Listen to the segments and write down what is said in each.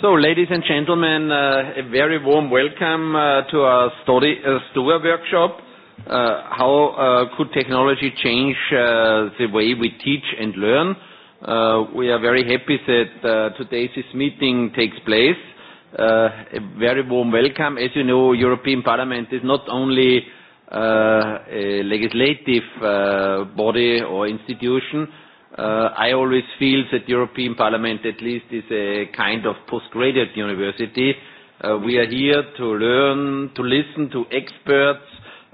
So, ladies and gentlemen, uh, a very warm welcome uh, to our story, uh, STOA workshop. Uh, how uh, could technology change uh, the way we teach and learn? Uh, we are very happy that uh, today this meeting takes place. Uh, a very warm welcome. As you know, European Parliament is not only uh, a legislative uh, body or institution, Uh, I always feel that European Parliament at least is a kind of postgraduate university. Uh, we are here to learn, to listen to experts,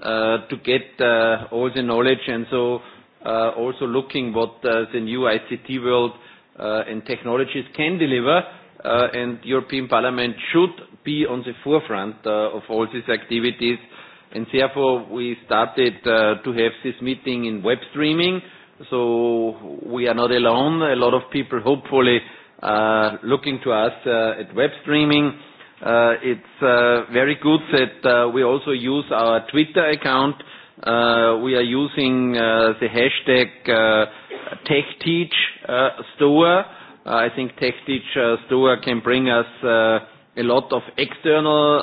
uh, to get uh, all the knowledge and so uh, also looking what uh, the new ICT world uh, and technologies can deliver uh, and European Parliament should be on the forefront uh, of all these activities and therefore we started uh, to have this meeting in web streaming uh, so we are not alone. A lot of people hopefully are uh, looking to us uh, at web streaming. Uh, it's uh, very good that uh, we also use our Twitter account. Uh, we are using uh, the hashtag uh, TechTeach uh, Store. Uh, I think TechTeach uh, Store can bring us uh, a lot of external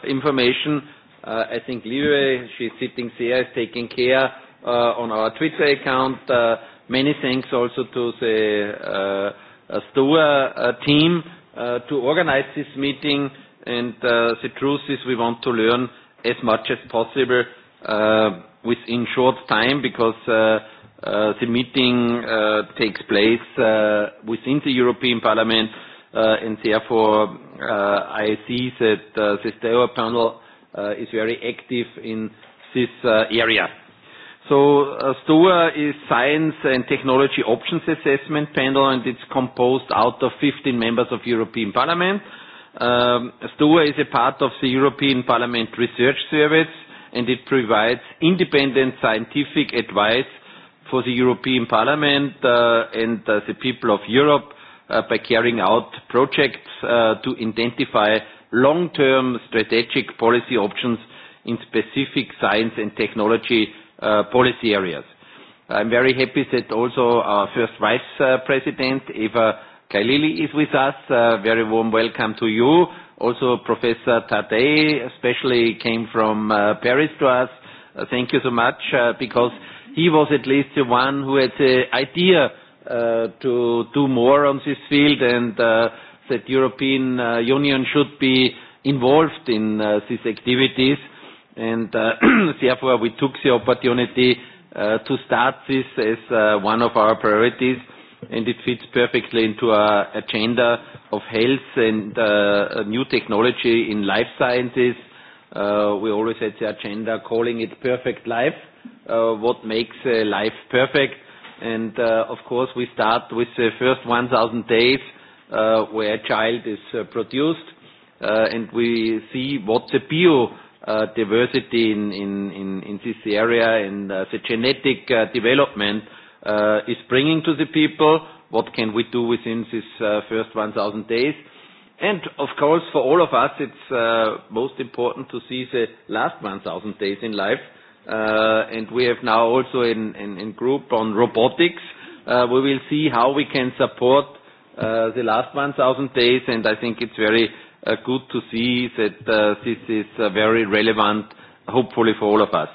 uh, information. Uh, I think Liwe, she's sitting there, is taking care Uh, on our Twitter account. Uh, many thanks also to the uh, STOA team to organize this meeting. The truth is we want to learn as much as possible within short time because the meeting takes place within the European Parliament. Therefore, I see that the STOA panel is very active in this area. So uh, STOA is Science and Technology Options Assessment Panel, and it's composed out of 15 members of European Parliament. Um, STOA is a part of the European Parliament Research Service, and it provides independent scientific advice for the European Parliament uh, and uh, the people of Europe uh, by carrying out projects uh, to identify long-term strategic policy options in specific science and technology Uh, policy areas. I'm very happy that also our first vice uh, president, Eva Kailili, is with us. Uh, very warm welcome to you. Also, Professor Tadei especially came from Paris to us. Thank you so much, because he was at least the one who had the idea to do more on this field and that European Union should be involved in these activities and uh, therefore we took the opportunity uh, to start this as uh, one of our priorities, and it fits perfectly into our agenda of health and uh, new technology in life sciences. Uh, we always had the agenda calling it perfect life, uh, what makes uh, life perfect. And uh, of course, we start with the first 1,000 days uh, where a child is uh, produced, uh, and we see what the bio uh, diversity in, in, in, in this area and uh, the genetic uh, development uh, is bringing to the people. What can we do within this uh, first 1,000 days? And of course, for all of us, it's uh, most important to see the last 1,000 days in life. Uh, and we have now also in, in, in group on robotics. Uh, we will see how we can support uh, the last 1,000 days, and I think it's very Uh, good to see that uh, this is uh, very relevant, hopefully for all of us.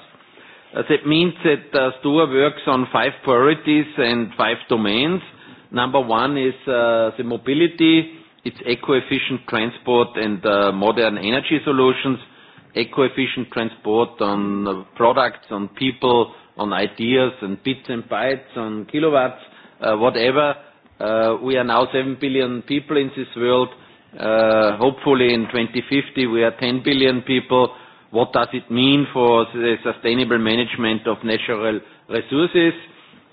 That means that Ströer works on five priorities and five domains. Number one is the mobility. It's eco-efficient transport and modern energy solutions. Eco-efficient transport on products, on people, on ideas, on bits and bytes, on kilowatts, whatever. We are now 7 billion people in this world. Uh, hopefully in 2050 we are 10 billion people. What does it mean for the sustainable management of natural resources?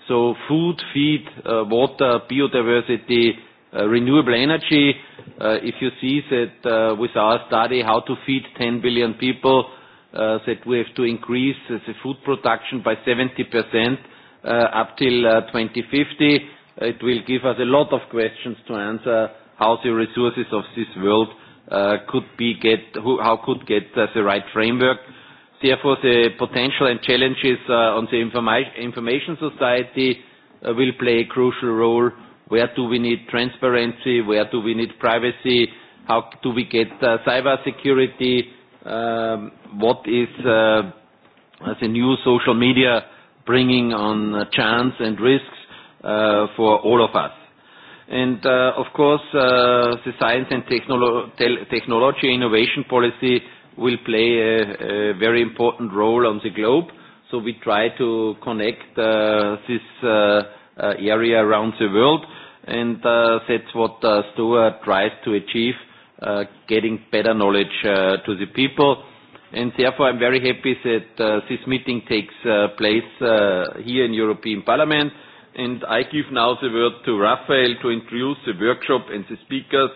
So food, feed, uh, water, biodiversity, uh, renewable energy. Uh, if you see that uh, with our study how to feed 10 billion people, uh, that we have to increase uh, the food production by 70% uh, up till uh, 2050, it will give us a lot of questions to answer how the resources of this world uh, could be get who, how could get uh, the right framework. Therefore, the potential and challenges uh, on the informa- information society uh, will play a crucial role. Where do we need transparency? Where do we need privacy? How do we get uh, cyber security? Um, what is uh, the new social media bringing on uh, chance and risks uh, for all of us? And uh, of course, uh, the science and technolo technology innovation policy will play a, a very important role on the globe. So we try to connect uh, this uh, uh, area around the world, and uh, that's what uh, STOA tries to achieve, uh, getting better knowledge uh, to the people. And therefore, I'm very happy that uh, this meeting takes uh, place uh, here in European Parliament. Uh, and I give now the word to Raphael to introduce the workshop and the speakers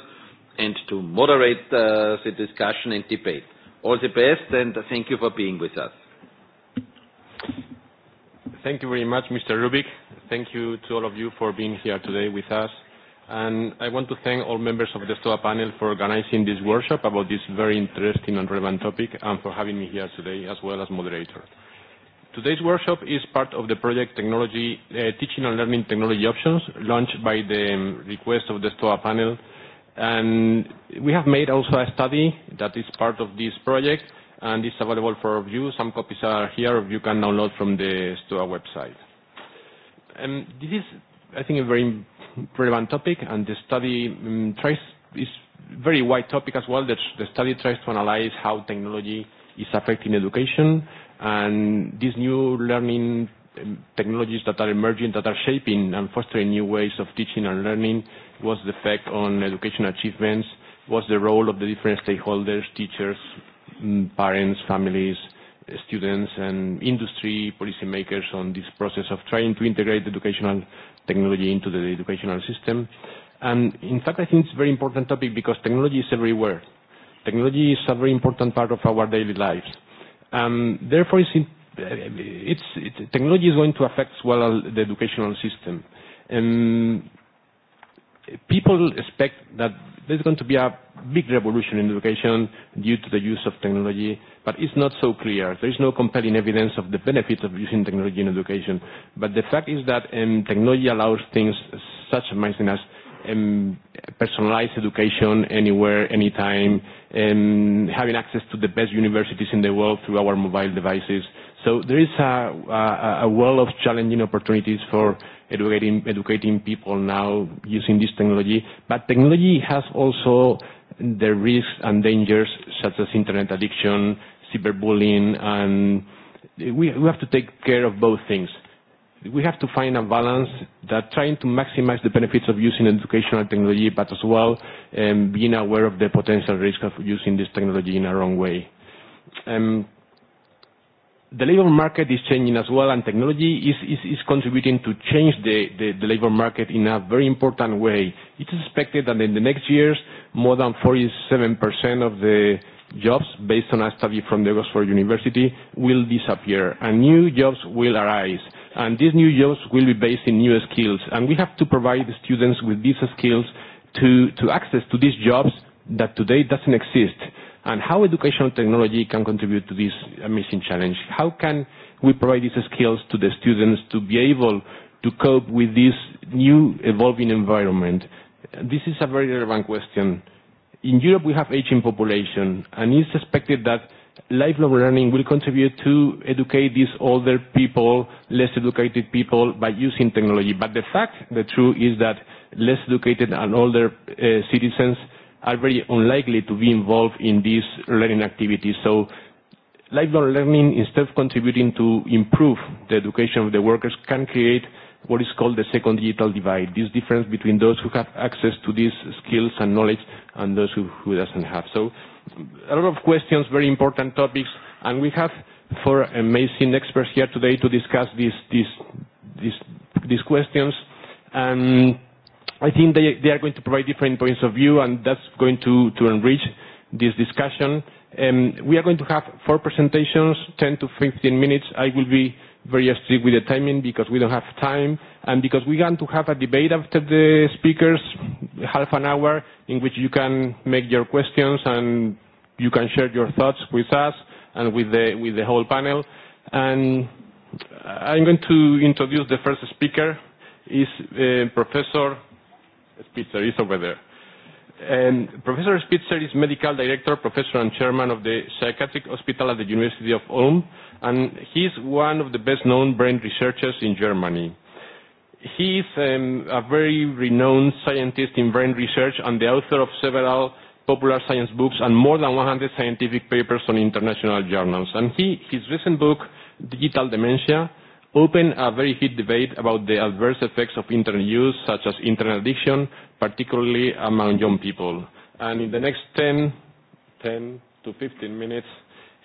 and to moderate uh, the discussion and debate. All the best, and thank you for being with us. Thank you very much, Mr. Rubik. Thank you to all of you for being here today with us. And I want to thank all members of the STOA panel for organizing this workshop about this very interesting and relevant topic and for having me here today as well as moderator. Today's workshop is part of the project Technology uh, Teaching and Learning Technology Options, launched by the um, request of the STOA panel. And we have made also a study that is part of this project and is available for review. Some copies are here. You can download from the STOA website. Um, this is, I think, a very relevant topic, and the study um, tries is very wide topic as well. The, the study tries to analyze how technology is affecting education, And these new learning um, technologies that are emerging, that are shaping and fostering new ways of teaching and learning, what's the effect on educational achievements, what's the role of the different stakeholders, teachers, mm, parents, families, students, and industry policymakers on this process of trying to integrate educational technology into the educational system. And in fact, I think it's a very important topic because technology is everywhere. Technology is a very important part of our daily lives Um, therefore, it's, in, uh, it's, it's, technology is going to affect as well uh, the educational system. Um, people expect that there's going to be a big revolution in education due to the use of technology, but it's not so clear. There is no compelling evidence of the benefits of using technology in education. But the fact is that um, technology allows things such amazing as um, personalized education anywhere, anytime, um, having access to the best universities in the world through our mobile devices. So there is a, a, a world of challenging opportunities for educating, educating people now using this technology. But technology has also the risks and dangers such as internet addiction, cyberbullying, and we, we have to take care of both things we have to find a balance that trying to maximize the benefits of using educational technology, but as well um, being aware of the potential risk of using this technology in a wrong way. Um, the labor market is changing as well, and technology is, is, is contributing to change the, the, the labor market in a very important way. It's expected that in the next years, more than 47% of the jobs, based on a study from the Oxford University, will disappear, and new jobs will arise And these new jobs will be based in new skills. And we have to provide the students with these skills to, to access to these jobs that today doesn't exist. And how educational technology can contribute to this amazing challenge? How can we provide these skills to the students to be able to cope with this new evolving environment? This is a very relevant question. In Europe, we have aging population, and it's expected that lifelong learning will contribute to educate these older people, less educated people by using technology. But the fact, the truth is that less educated and older uh, citizens are very unlikely to be involved in these learning activities. So lifelong learning, instead of contributing to improve the education of the workers, can create what is called the second digital divide, this difference between those who have access to these skills and knowledge and those who, who doesn't have. So a lot of questions, very important topics, and we have four amazing experts here today to discuss these questions. I think they are going to provide different points of view, and that's going to enrich this discussion. Um, we are going to have four presentations, 10-15 minutes. I will be very strict with the timing because we don't have time and because we want to have a debate after the speakers half an hour in which you can make your questions, and you can share your thoughts with us and with the whole panel. I'm going to introduce the first speaker, is uh, Professor Spitzer. He's over there. Um, professor Spitzer is Medical Director, Professor, and Chairman of the Psychiatric Hospital at the University of Ulm, and he's one of the best-known brain researchers in Germany. He is um, a very renowned scientist in brain research and the author of several popular science books and more than 100 scientific papers on international journals. And he, his recent book, Digital Dementia, opened a very heated debate about the adverse effects of internet use, such as internet addiction, particularly among young people. And in the next 10, 10 to 15 minutes,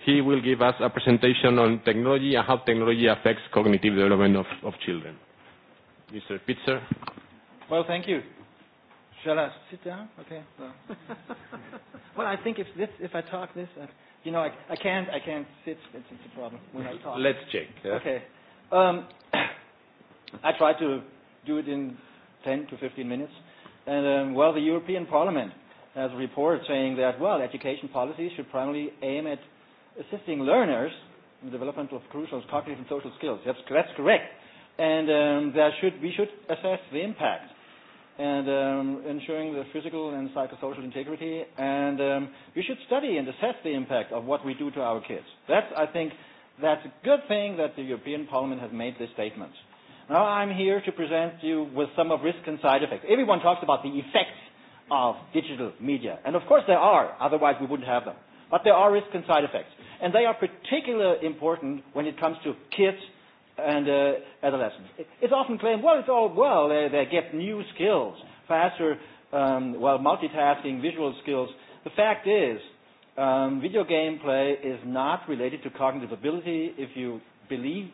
he will give us a presentation on technology and how technology affects cognitive development of, of children. Mr. Pitzer. Well, thank you. Shall I sit down? Okay. Well, well I think if this, if I talk this, uh, you know, I, I can't, I can't sit. It's, it's a problem when I talk. Let's check. Yeah? Okay. Um, I try to do it in 10 to 15 minutes. And um, well, the European Parliament has a report saying that well, education policies should primarily aim at assisting learners in the development of crucial cognitive and social skills. That's, that's correct and um, there should we should assess the impact and um, ensuring the physical and psychosocial integrity. And um, we should study and assess the impact of what we do to our kids. That's, I think, that's a good thing that the European Parliament has made this statement. Now I'm here to present you with some of risk and side effects. Everyone talks about the effects of digital media, and of course there are, otherwise we wouldn't have them. But there are risk and side effects, and they are particularly important when it comes to kids and uh, adolescents. It's often claimed, well, it's all well, they, they get new skills, faster, um, well, multitasking, visual skills. The fact is, um, video game play is not related to cognitive ability. If you believe,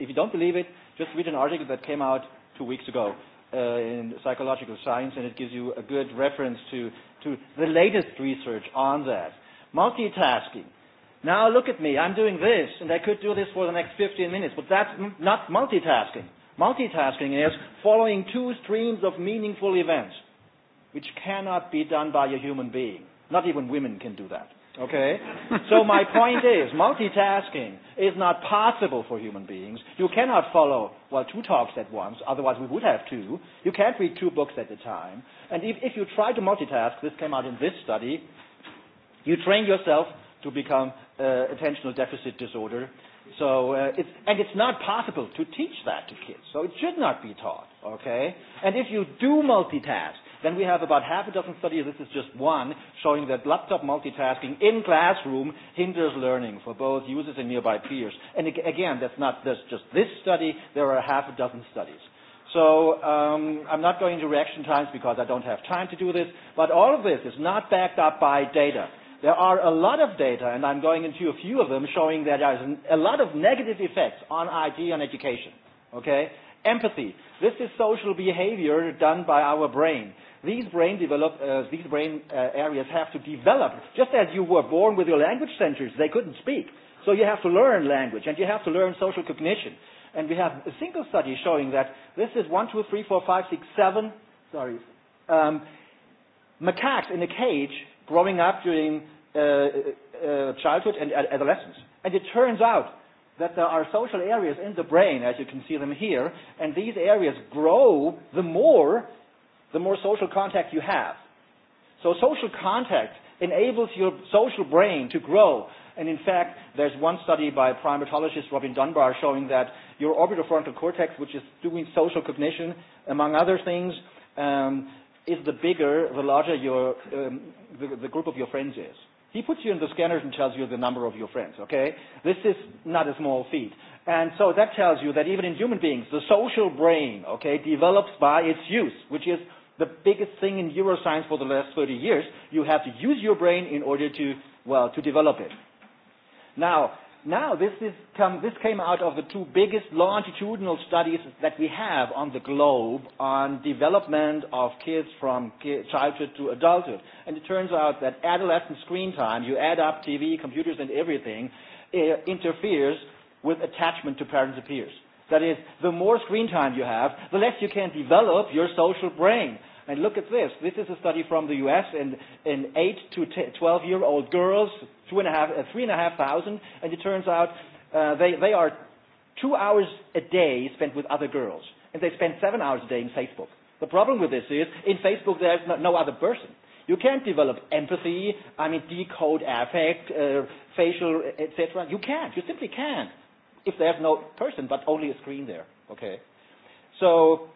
if you don't believe it, just read an article that came out two weeks ago uh, in Psychological Science, and it gives you a good reference to, to the latest research on that. Multitasking Now look at me, I'm doing this, and I could do this for the next 15 minutes, but that's not multitasking. Multitasking is following two streams of meaningful events, which cannot be done by a human being. Not even women can do that. Okay? so my point is, multitasking is not possible for human beings. You cannot follow, well, two talks at once, otherwise we would have two. You can't read two books at a time. And if, if you try to multitask, this came out in this study, you train yourself to become uh, attentional deficit disorder. So uh, it's, and it's not possible to teach that to kids. So it should not be taught. Okay. And if you do multitask, then we have about half a dozen studies. This is just one showing that laptop multitasking in classroom hinders learning for both users and nearby peers. And again, that's not that's just this study. There are half a dozen studies. So um, I'm not going to reaction times because I don't have time to do this. But all of this is not backed up by data. There are a lot of data, and I'm going into a few of them, showing that there's a lot of negative effects on IT and education. Okay? Empathy. This is social behavior done by our brain. These brain, develop, uh, these brain uh, areas have to develop. Just as you were born with your language centers, they couldn't speak. So you have to learn language, and you have to learn social cognition. And we have a single study showing that this is 1, 2, 3, 4, 5, 6, 7, sorry, um, macaques in a cage growing up during uh, uh, uh childhood and adolescence. And it turns out that there are social areas in the brain, as you can see them here, and these areas grow the more the more social contact you have. So social contact enables your social brain to grow. And in fact, there's one study by primatologist Robin Dunbar showing that your orbitofrontal cortex, which is doing social cognition, among other things, um, is the bigger, the larger your, um, the, the group of your friends is. He puts you in the scanners and tells you the number of your friends, okay? This is not a small feat. And so that tells you that even in human beings, the social brain, okay, develops by its use, which is the biggest thing in neuroscience for the last 30 years. You have to use your brain in order to, well, to develop it. Now, Now, this, is come, this came out of the two biggest longitudinal studies that we have on the globe on development of kids from ki- childhood to adulthood. And it turns out that adolescent screen time, you add up TV, computers, and everything, it interferes with attachment to parents and peers. That is, the more screen time you have, the less you can develop your social brain. And look at this. This is a study from the U.S. and, and 8 to 10, 12 year old girls, two and a half, uh, three and a half thousand, and it turns out uh, they, they are two hours a day spent with other girls, and they spend seven hours a day in Facebook. The problem with this is, in Facebook, there's no, no other person. You can't develop empathy, I mean, decode affect, uh, facial, etc. You can't. You simply can't. If there's no person, but only a screen there. Okay? So,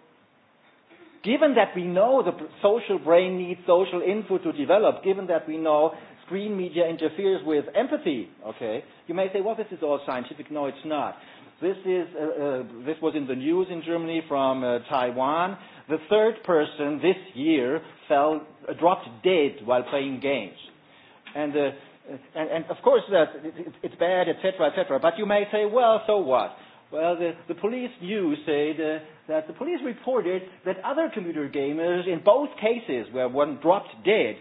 given that we know the social brain needs social input to develop, given that we know screen media interferes with empathy. Okay, you may say, well, this is all scientific. No, it's not. This is uh, uh, this was in the news in Germany from uh, Taiwan. The third person this year fell, uh, dropped dead while playing games, and. Uh, and, and of course, that it, it, it's bad, etc., etc. But you may say, well, so what? Well, the, the police news said uh, that the police reported that other computer gamers, in both cases where one dropped dead,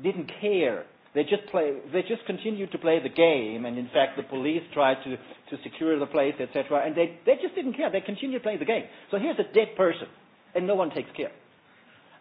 didn't care They just play. They just continue to play the game, and in fact, the police tried to to secure the place, etc. And they they just didn't care. They continued to play the game. So here's a dead person, and no one takes care.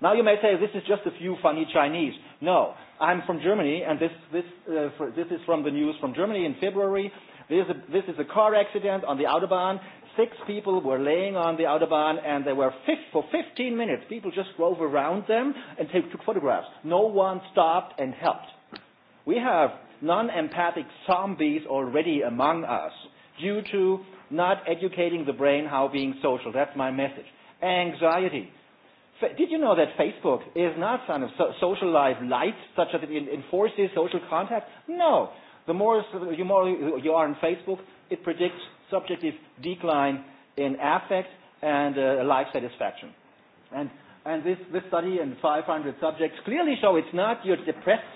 Now you may say this is just a few funny Chinese. No, I'm from Germany, and this this uh, for, this is from the news from Germany in February. This is, a, this is a car accident on the autobahn. Six people were laying on the autobahn, and they were fifth, for 15 minutes. People just drove around them and take, took photographs. No one stopped and helped. We have non-empathic zombies already among us due to not educating the brain how being social. That's my message. Anxiety. Did you know that Facebook is not kind of so- social life light, such that it enforces social contact? No. The more you, more you are on Facebook, it predicts subjective decline in affect and uh, life satisfaction. And, and this, this study in 500 subjects clearly show it's not your depressed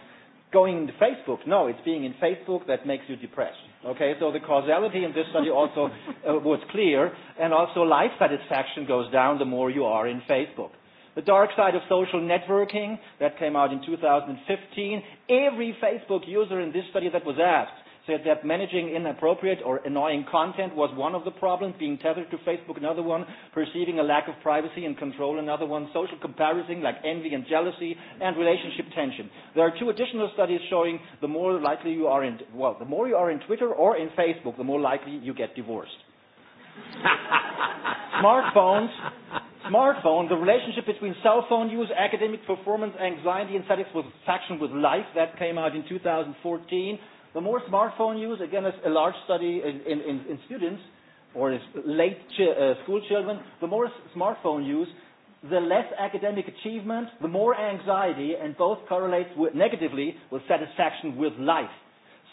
going into Facebook. No, it's being in Facebook that makes you depressed. Okay, so the causality in this study also uh, was clear, and also life satisfaction goes down the more you are in Facebook. The dark side of social networking, that came out in 2015. Every Facebook user in this study that was asked said that managing inappropriate or annoying content was one of the problems, being tethered to Facebook another one, perceiving a lack of privacy and control another one, social comparison like envy and jealousy, and relationship tension. There are two additional studies showing the more likely you are in, well, the more you are in Twitter or in Facebook, the more likely you get divorced. Smartphones smartphone, the relationship between cell phone use, academic performance, anxiety, and satisfaction with life, that came out in 2014. The more smartphone use, again, a large study in, in, in students or late ch uh, school children, the more smartphone use, the less academic achievement, the more anxiety, and both correlates with, negatively with satisfaction with life.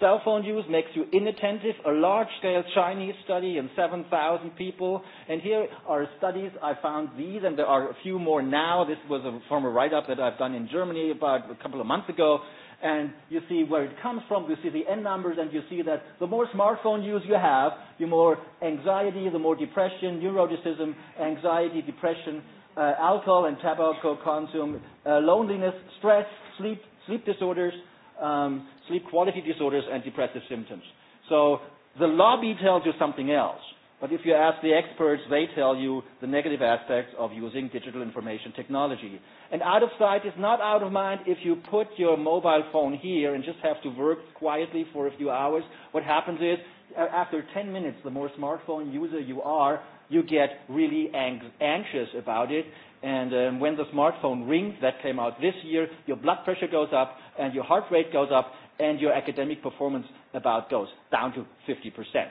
Cell phone use makes you inattentive. A large-scale Chinese study in 7,000 people, and here are studies I found these, and there are a few more now. This was a, from a write-up that I've done in Germany about a couple of months ago and you see where it comes from, you see the end numbers, and you see that the more smartphone use you have, the more anxiety, the more depression, neuroticism, anxiety, depression, uh, alcohol and tobacco consume, uh, loneliness, stress, sleep, sleep disorders, um, sleep quality disorders, and depressive symptoms. So the lobby tells you something else. But if you ask the experts, they tell you the negative aspects of using digital information technology. And out of sight is not out of mind if you put your mobile phone here and just have to work quietly for a few hours. What happens is, after 10 minutes, the more smartphone user you are, you get really ang- anxious about it. And um, when the smartphone rings, that came out this year, your blood pressure goes up and your heart rate goes up and your academic performance about goes down to 50 percent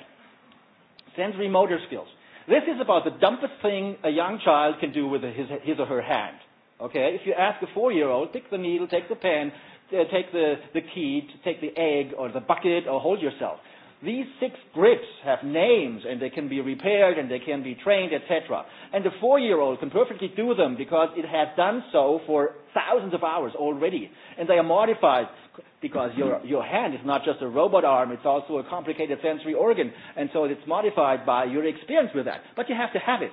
sensory motor skills. This is about the dumbest thing a young child can do with his, his or her hand. Okay, if you ask a four-year-old, take the needle, take the pen, uh, take the, the key, take the egg or the bucket or hold yourself. These six grips have names and they can be repaired and they can be trained, etc. And a four-year-old can perfectly do them because it has done so for thousands of hours already. And they are modified because your, your hand is not just a robot arm, it's also a complicated sensory organ. And so it's modified by your experience with that. But you have to have it,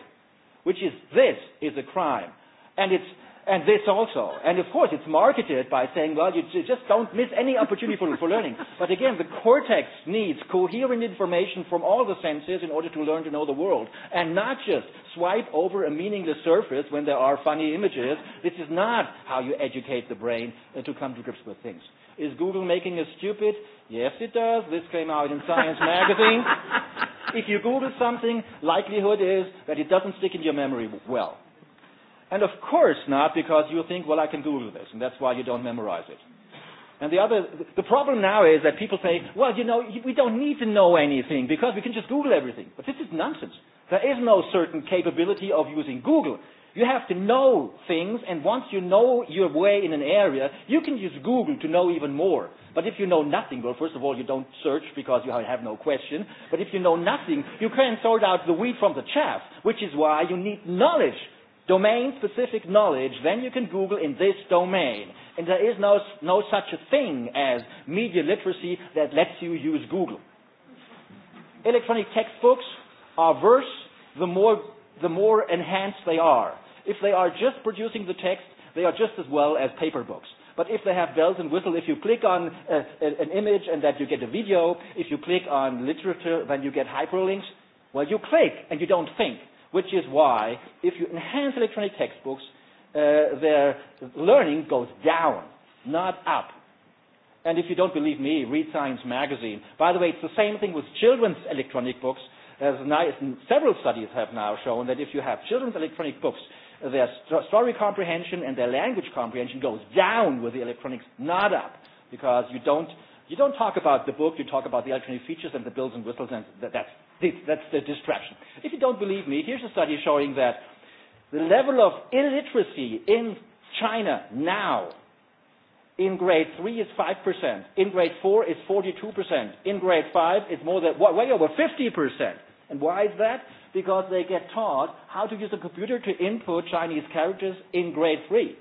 which is this is a crime. And it's, and this also. And of course, it's marketed by saying, well, you just don't miss any opportunity for, for learning. But again, the cortex needs coherent information from all the senses in order to learn to know the world. And not just swipe over a meaningless surface when there are funny images. This is not how you educate the brain uh, to come to grips with things. Is Google making us stupid? Yes, it does. This came out in Science Magazine. if you Google something, likelihood is that it doesn't stick in your memory well. And of course not, because you think, well, I can Google this, and that's why you don't memorize it. And the other, the problem now is that people say, well, you know, we don't need to know anything because we can just Google everything. But this is nonsense. There is no certain capability of using Google. You have to know things, and once you know your way in an area, you can use Google to know even more. But if you know nothing, well, first of all, you don't search because you have no question. But if you know nothing, you can't sort out the wheat from the chaff, which is why you need knowledge, domain-specific knowledge. Then you can Google in this domain. And there is no, no such a thing as media literacy that lets you use Google. Electronic textbooks are worse the more, the more enhanced they are. If they are just producing the text, they are just as well as paper books. But if they have bells and whistles, if you click on uh, an image and that you get a video, if you click on literature, then you get hyperlinks, well, you click and you don't think, which is why if you enhance electronic textbooks, uh, their learning goes down, not up. And if you don't believe me, read Science magazine. By the way, it's the same thing with children's electronic books. As nice, several studies have now shown that if you have children's electronic books, their st- story comprehension and their language comprehension goes down with the electronics, not up, because you don't you don't talk about the book, you talk about the electronic features and the bells and whistles, and that, that's, the, that's the distraction. If you don't believe me, here's a study showing that the level of illiteracy in China now in grade 3 is 5%, in grade 4 is 42%, in grade 5 is more than, way over 50%. And why is that? because they get taught how to use a computer to input Chinese characters in grade three.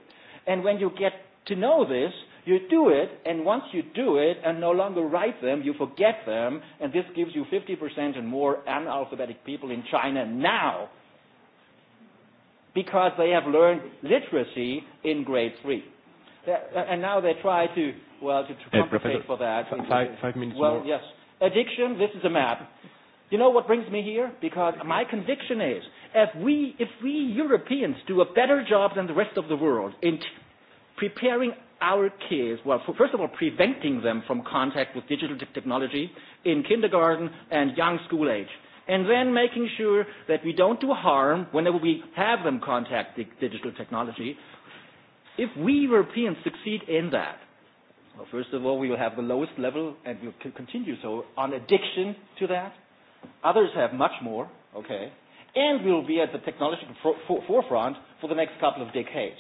And when you get to know this, you do it, and once you do it and no longer write them, you forget them, and this gives you 50% and more analphabetic people in China now because they have learned literacy in grade three. Uh, and now they try to, well, to, to compensate hey, Professor, for that. Five, five minutes well, more. Well, yes. Addiction, this is a map. You know what brings me here? Because my conviction is if we, if we Europeans do a better job than the rest of the world in t- preparing our kids, well, for, first of all, preventing them from contact with digital t- technology in kindergarten and young school age, and then making sure that we don't do harm whenever we have them contact di- digital technology. If we Europeans succeed in that, well, first of all, we will have the lowest level, and we'll c- continue so, on addiction to that Others have much more, okay? And we will be at the technological for, for, forefront for the next couple of decades.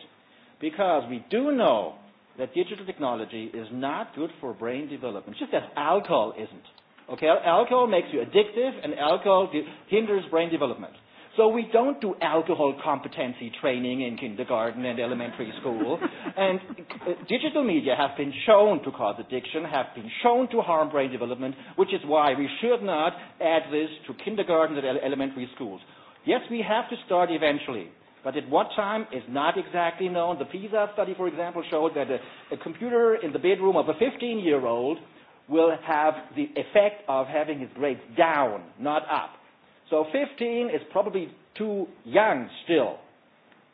Because we do know that digital technology is not good for brain development, just as alcohol isn't. Okay, alcohol makes you addictive and alcohol hinders brain development. So we don't do alcohol competency training in kindergarten and elementary school. and uh, digital media have been shown to cause addiction, have been shown to harm brain development, which is why we should not add this to kindergarten and ele- elementary schools. Yes, we have to start eventually. But at what time is not exactly known. The PISA study, for example, showed that a, a computer in the bedroom of a 15 year old will have the effect of having his grades down, not up. So 15 is probably too young still,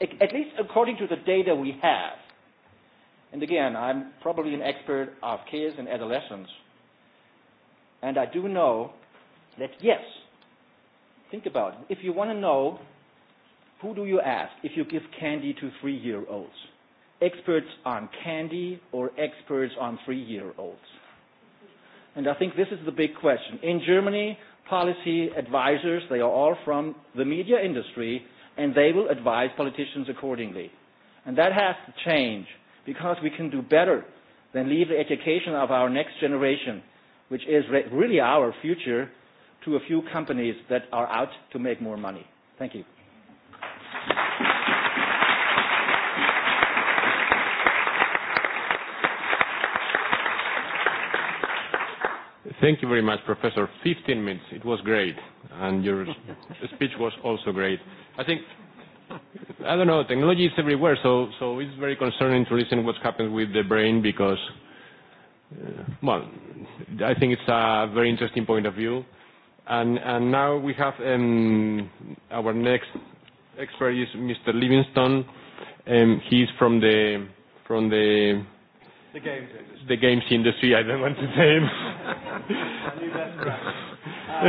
at least according to the data we have. And again, I'm probably an expert of kids and adolescents. And I do know that, yes, think about it. If you want to know, who do you ask if you give candy to three year olds? Experts on candy or experts on three year olds? And I think this is the big question. In Germany, policy advisors. They are all from the media industry, and they will advise politicians accordingly. And that has to change because we can do better than leave the education of our next generation, which is re- really our future, to a few companies that are out to make more money. Thank you. Thank you very much, Professor. 15 minutes. It was great. And your speech was also great. I think, I don't know, technology is everywhere, so, so it's very concerning to listen what's happened with the brain because, uh, well, I think it's a very interesting point of view. And, and now we have um, our next expert is Mr. Livingston. Um, he's from the, from the The games industry. The games industry, I don't want to name. uh,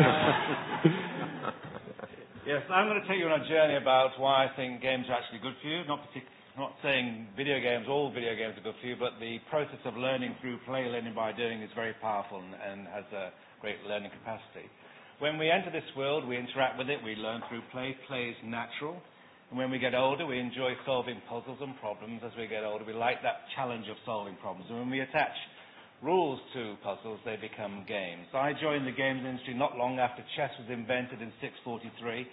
yes, I'm going to take you on a journey about why I think games are actually good for you. Not partic- not saying video games, all video games are good for you, but the process of learning through play, learning by doing, is very powerful and, and has a great learning capacity. When we enter this world, we interact with it, we learn through play. Play is natural. And when we get older, we enjoy solving puzzles and problems. As we get older, we like that challenge of solving problems. And when we attach rules to puzzles, they become games. I joined the games industry not long after chess was invented in 643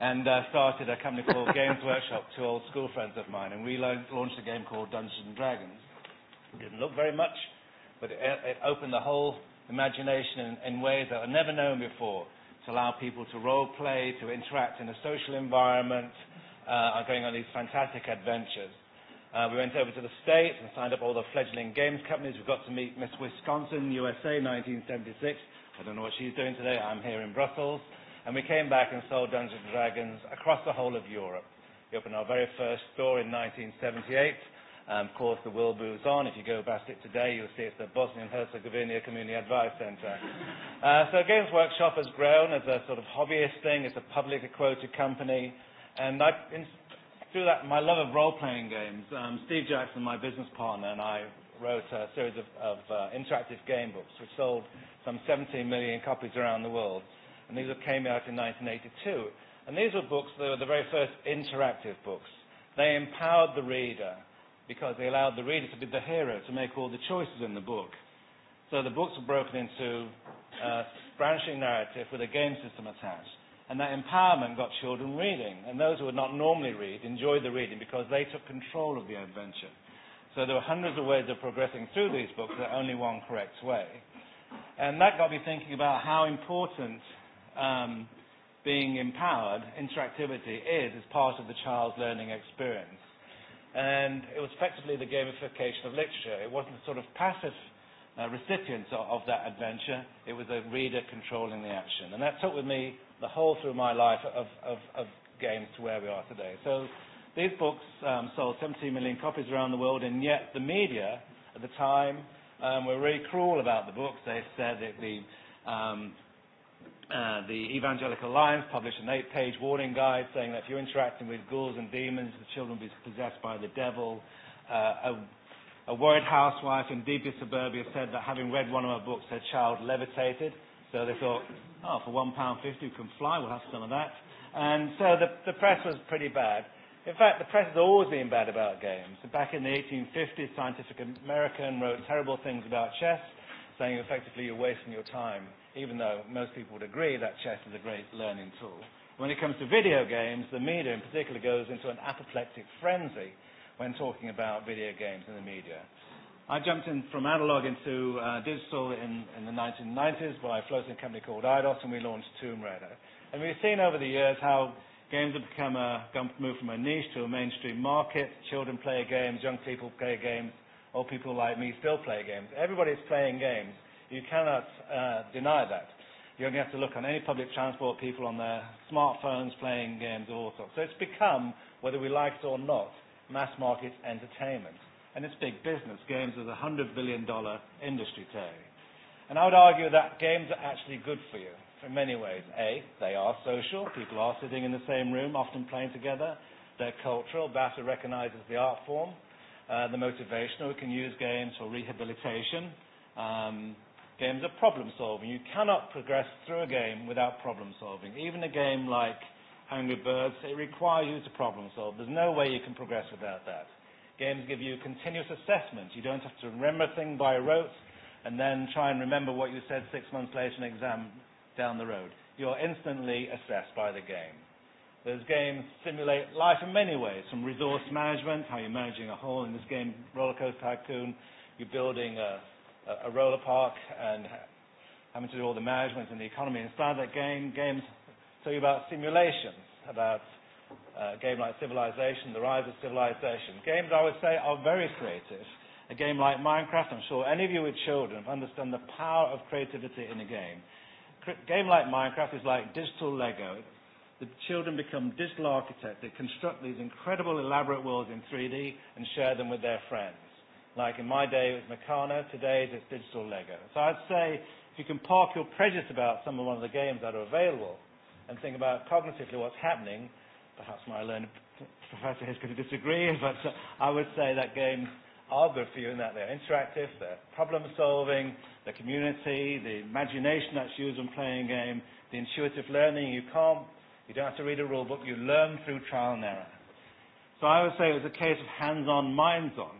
and uh, started a company called Games Workshop, two old school friends of mine, and we launched a game called Dungeons and Dragons. It didn't look very much, but it, uh, it opened the whole imagination in, in ways that I'd never known before to allow people to role play, to interact in a social environment, uh, are going on these fantastic adventures. Uh, we went over to the States and signed up all the fledgling games companies. We got to meet Miss Wisconsin, USA, 1976. I don't know what she's doing today. I'm here in Brussels. And we came back and sold Dungeons & Dragons across the whole of Europe. We opened our very first store in 1978. Um, of course, the world moves on. If you go past it today, you'll see it's the Bosnia and Herzegovina Community Advice Center. uh, so Games Workshop has grown as a sort of hobbyist thing. It's a publicly quoted company. And I, in, through that, my love of role-playing games, um, Steve Jackson, my business partner, and I wrote a series of, of uh, interactive game books, which sold some 17 million copies around the world. And these came out in 1982. And these were books that were the very first interactive books. They empowered the reader because they allowed the reader to be the hero, to make all the choices in the book. So the books were broken into uh, branching narrative with a game system attached. And that empowerment got children reading. And those who would not normally read enjoyed the reading because they took control of the adventure. So there were hundreds of ways of progressing through these books, there's only one correct way. And that got me thinking about how important um, being empowered, interactivity, is as part of the child's learning experience. And it was effectively the gamification of literature. It wasn't a sort of passive uh, recipient of, of that adventure, it was a reader controlling the action. And that took with me the whole through my life of, of, of games to where we are today. So these books um, sold 17 million copies around the world, and yet the media at the time um, were really cruel about the books. They said that the, um, uh, the Evangelical Alliance published an eight page warning guide saying that if you're interacting with ghouls and demons, the children will be possessed by the devil. Uh, a, a worried housewife in deepest suburbia said that having read one of my books, her child levitated So they thought, oh, for £1.50 we can fly, we'll have some of that. And so the, the press was pretty bad. In fact, the press has always been bad about games. Back in the 1850s, Scientific American wrote terrible things about chess, saying effectively you're wasting your time, even though most people would agree that chess is a great learning tool. When it comes to video games, the media in particular goes into an apoplectic frenzy when talking about video games in the media. I jumped in from analog into uh, digital in, in the 1990s by floating a company called IDOS, and we launched Tomb Raider. And we've seen over the years how games have become a, moved from a niche to a mainstream market. Children play games, young people play games, old people like me still play games. Everybody's playing games. You cannot uh, deny that. You only have to look on any public transport, people on their smartphones playing games, all sorts. So it's become, whether we like it or not, mass market entertainment and it's big business. Games is a $100 billion industry today. And I would argue that games are actually good for you in many ways. A, they are social. People are sitting in the same room, often playing together. They're cultural. BAFTA recognizes the art form. Uh, the motivational. We can use games for rehabilitation. Um, games are problem solving. You cannot progress through a game without problem solving. Even a game like Angry Birds, it requires you to problem solve. There's no way you can progress without that. Games give you continuous assessment. You don't have to remember a thing by rote and then try and remember what you said six months later in an exam down the road. You're instantly assessed by the game. Those games simulate life in many ways, from resource management, how you're managing a hole in this game, Roller Coaster Tycoon, you're building a, a, a roller park and having to do all the management and the economy inside that game. Games tell you about simulations, about uh, game like Civilization, The Rise of Civilization. Games I would say are very creative. A game like Minecraft, I'm sure any of you with children understand the power of creativity in a game. A game like Minecraft is like digital Lego. The children become digital architects. They construct these incredible, elaborate worlds in 3D and share them with their friends. Like in my day, it was Meccano. Today, it's digital Lego. So I'd say if you can park your prejudice about some of one of the games that are available and think about cognitively what's happening perhaps my learned professor is going to disagree, but uh, I would say that games are good for you in that they're interactive, they're problem solving, the community, the imagination that's used in playing a game, the intuitive learning. You can't, you don't have to read a rule book, you learn through trial and error. So I would say it was a case of hands on, minds on.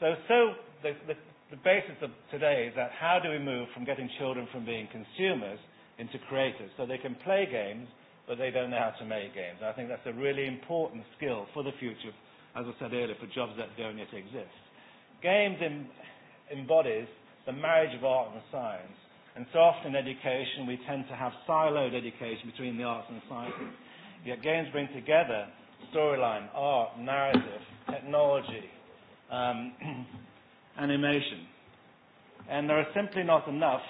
So, so the, the, the basis of today is that how do we move from getting children from being consumers into creators so they can play games but they don't know how to make games. And I think that's a really important skill for the future, as I said earlier, for jobs that don't yet exist. Games em- embodies the marriage of art and science. And so often in education, we tend to have siloed education between the arts and sciences. Yet games bring together storyline, art, narrative, technology, um, animation. And there are simply not enough,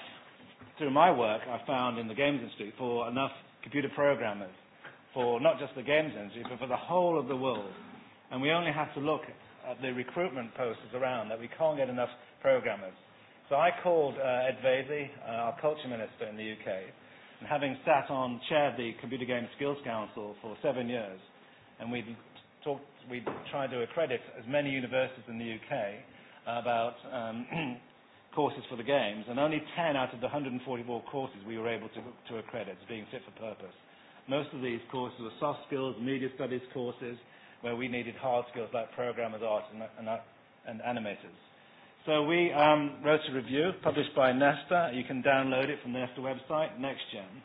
through my work, I found in the Games Institute, for enough computer programmers, for not just the games industry, but for the whole of the world. And we only have to look at the recruitment posters around that we can't get enough programmers. So I called uh, Ed Vasey, uh, our culture minister in the UK, and having sat on, chaired the Computer Games Skills Council for seven years, and we talked, we tried to accredit as many universities in the UK about um, courses for the Games, and only 10 out of the 144 courses we were able to, to accredit as being fit for purpose. Most of these courses were soft skills, media studies courses, where we needed hard skills like programmers, art, and, and, and animators. So we um, wrote a review published by Nesta. You can download it from the Nesta website, NextGen.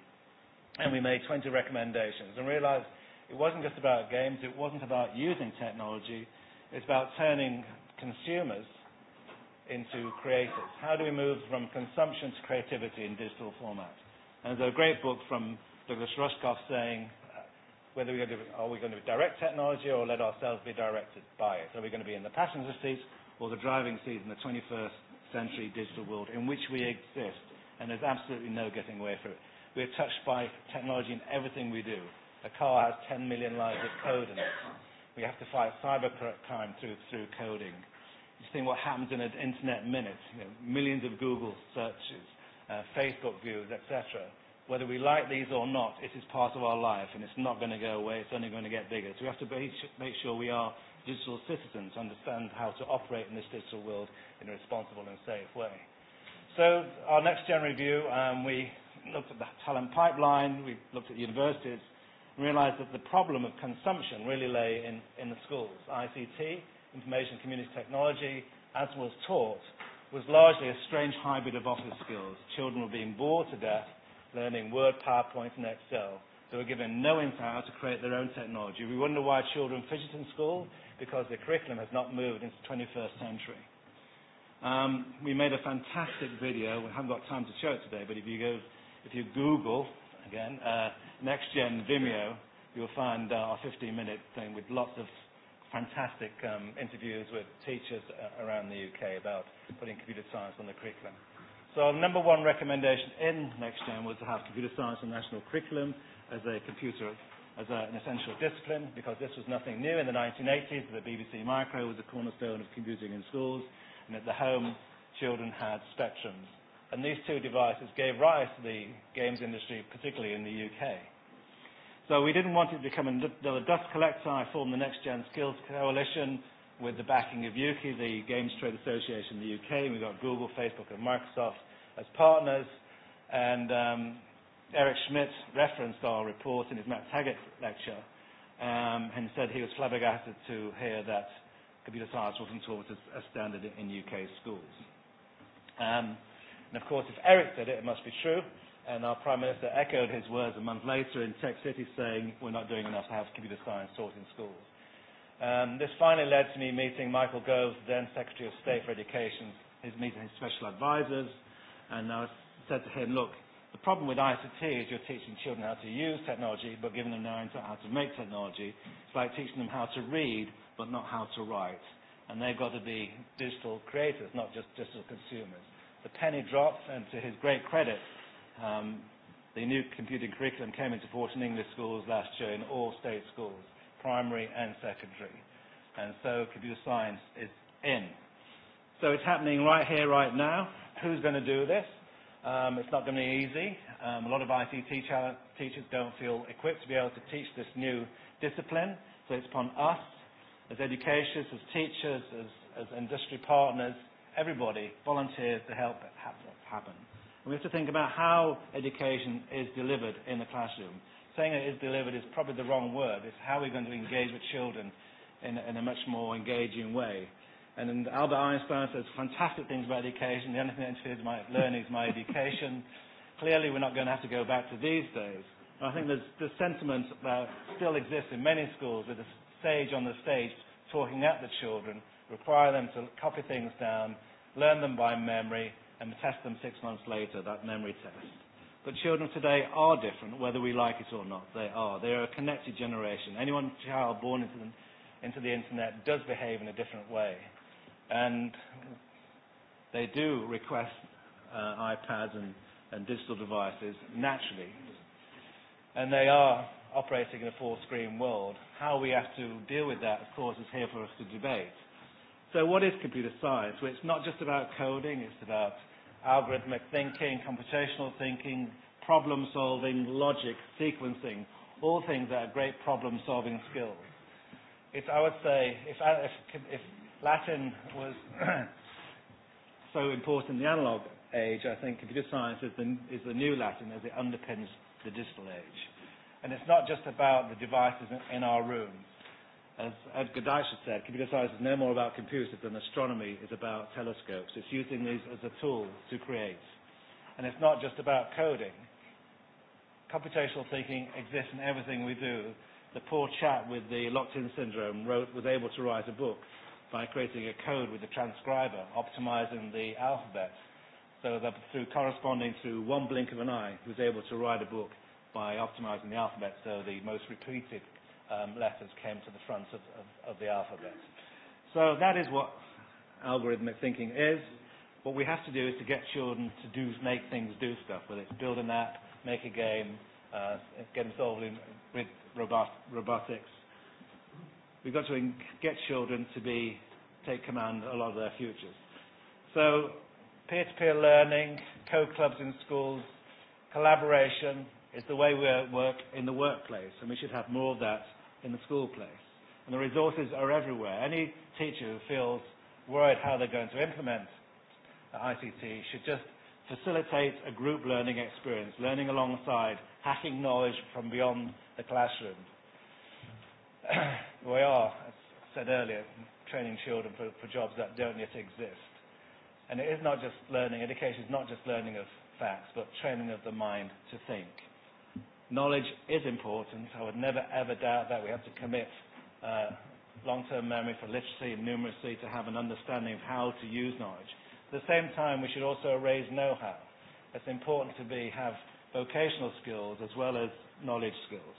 And we made 20 recommendations and realized it wasn't just about games, it wasn't about using technology, it's about turning consumers into creators? How do we move from consumption to creativity in digital format? And there's a great book from Douglas Rushkoff saying uh, whether we're going to, are we going to direct technology or let ourselves be directed by it? Are we going to be in the passenger seat or the driving seat in the 21st century digital world in which we exist? And there's absolutely no getting away from it. We're touched by technology in everything we do. A car has 10 million lines of code in it. We have to fight cybercrime through, through coding. You've seen what happens in an internet minute, you know, millions of Google searches, uh, Facebook views, etc. Whether we like these or not, it is part of our life and it's not going to go away, it's only going to get bigger. So we have to make sure we are digital citizens, understand how to operate in this digital world in a responsible and safe way. So our next gen review, um, we looked at the talent pipeline, we looked at universities, and realized that the problem of consumption really lay in, in the schools. ICT, information community technology, as was taught, was largely a strange hybrid of office skills. Children were being bored to death learning Word, PowerPoint, and Excel. They were given no insight how to create their own technology. We wonder why children fidget in school because the curriculum has not moved into the 21st century. Um, we made a fantastic video. We haven't got time to show it today, but if you go, if you Google again, uh, next gen Vimeo, you'll find uh, our 15-minute thing with lots of fantastic um, interviews with teachers uh, around the UK about putting computer science on the curriculum. So our number one recommendation in NextGen was to have computer science in the national curriculum as a computer as a, an essential discipline because this was nothing new in the 1980s. The BBC Micro was a cornerstone of computing in schools, and at the home, children had spectrums. And these two devices gave rise to the games industry, particularly in the UK. So we didn't want it to become another dust collector. I formed the Next Gen Skills Coalition with the backing of UKI, the Games Trade Association in the UK. We've got Google, Facebook, and Microsoft as partners. And um, Eric Schmidt referenced our report in his Matt Taggart lecture um, and said he was flabbergasted to hear that computer science wasn't taught as a standard in UK schools. Um, and of course, if Eric did it, it must be true. And our Prime Minister echoed his words a month later in Tech City saying, we're not doing enough to have computer science taught in schools. Um, this finally led to me meeting Michael Gove, then Secretary of State for Education, his meeting his special advisors, and I said to him, look, the problem with ICT is you're teaching children how to use technology, but giving them now how to make technology. It's like teaching them how to read, but not how to write. And they've got to be digital creators, not just digital consumers. The penny dropped, and to his great credit, Um, the new computing curriculum came into force in English schools last year in all state schools, primary and secondary. And so computer science is in. So it's happening right here, right now. Who's going to do this? Um, it's not going to be easy. Um, a lot of ICT teachers don't feel equipped to be able to teach this new discipline. So it's upon us, as educators, as teachers, as, as industry partners, everybody volunteers to help it happen. We have to think about how education is delivered in the classroom. Saying it is delivered is probably the wrong word. It's how we're going to engage with children in, in a much more engaging way. And, and Albert Einstein says fantastic things about education. The only thing that interferes with my learning is my education. Clearly, we're not going to have to go back to these days. And I think there's the sentiment that still exists in many schools with the sage on the stage talking at the children, require them to copy things down, learn them by memory, and test them six months later, that memory test. But children today are different, whether we like it or not. They are. They are a connected generation. Anyone child born into the, into the internet does behave in a different way. And they do request uh, iPads and, and digital devices naturally. And they are operating in a four screen world. How we have to deal with that, of course, is here for us to debate. So, what is computer science? Well, it's not just about coding, it's about algorithmic thinking, computational thinking, problem solving, logic, sequencing, all things that are great problem solving skills. It's, I would say, if, if, if Latin was so important in the analog age, I think computer science is the, is the new Latin as it underpins the digital age. And it's not just about the devices in, in our rooms as Edgar Deischer said, computer science is no more about computers than astronomy is about telescopes. It's using these as a tool to create. And it's not just about coding. Computational thinking exists in everything we do. The poor chap with the locked-in syndrome wrote, was able to write a book by creating a code with a transcriber, optimizing the alphabet, so that through corresponding through one blink of an eye, he was able to write a book by optimizing the alphabet so the most repeated um, letters came to the front of, of, of the alphabet. So that is what algorithmic thinking is. What we have to do is to get children to do, make things do stuff, whether it's build an app, make a game, uh, get involved in, with robot, robotics. We've got to get children to be, take command a lot of their futures. So peer-to-peer -peer learning, co-clubs in schools, collaboration is the way we work in the workplace, and we should have more of that in the school place. And the resources are everywhere. Any teacher who feels worried how they're going to implement ICT should just facilitate a group learning experience, learning alongside, hacking knowledge from beyond the classroom. we are, as I said earlier, training children for, for jobs that don't yet exist. And it is not just learning, education is not just learning of facts, but training of the mind to think. Knowledge is important. I would never ever doubt that. We have to commit uh, long-term memory for literacy and numeracy to have an understanding of how to use knowledge. At the same time, we should also raise know-how. It's important to be, have vocational skills as well as knowledge skills.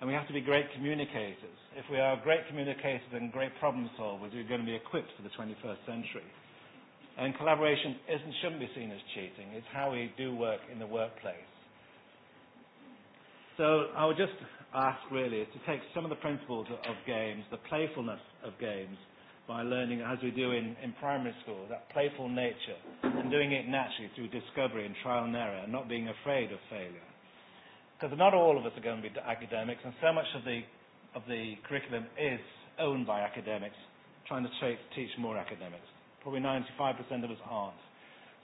And we have to be great communicators. If we are great communicators and great problem solvers, we're going to be equipped for the 21st century. And collaboration isn't, shouldn't be seen as cheating. It's how we do work in the workplace. So I would just ask really to take some of the principles of games, the playfulness of games, by learning as we do in, in primary school, that playful nature, and doing it naturally through discovery and trial and error, and not being afraid of failure. Because not all of us are going to be academics, and so much of the, of the curriculum is owned by academics, trying to tra- teach more academics. Probably 95% of us aren't.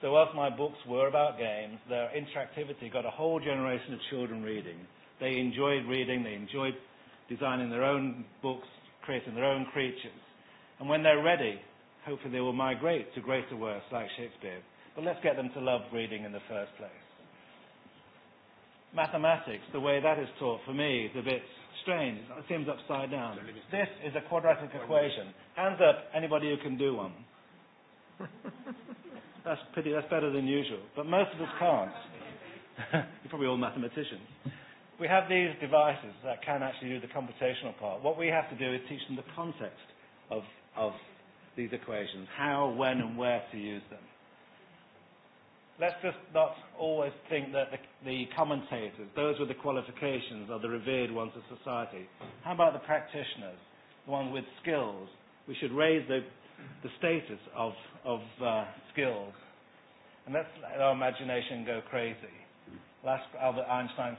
So whilst my books were about games, their interactivity got a whole generation of children reading They enjoyed reading. They enjoyed designing their own books, creating their own creatures. And when they're ready, hopefully they will migrate to greater works like Shakespeare. But let's get them to love reading in the first place. Mathematics, the way that is taught for me, is a bit strange. It seems upside down. This is a quadratic equation. Hands up, anybody who can do one. that's pretty, that's better than usual. But most of us can't. You're probably all mathematicians. We have these devices that can actually do the computational part. What we have to do is teach them the context of, of these equations, how, when, and where to use them. Let's just not always think that the, the commentators, those with the qualifications, are the revered ones of society. How about the practitioners, the ones with skills? We should raise the, the status of, of uh, skills and let's let our imagination go crazy. Last Albert Einstein's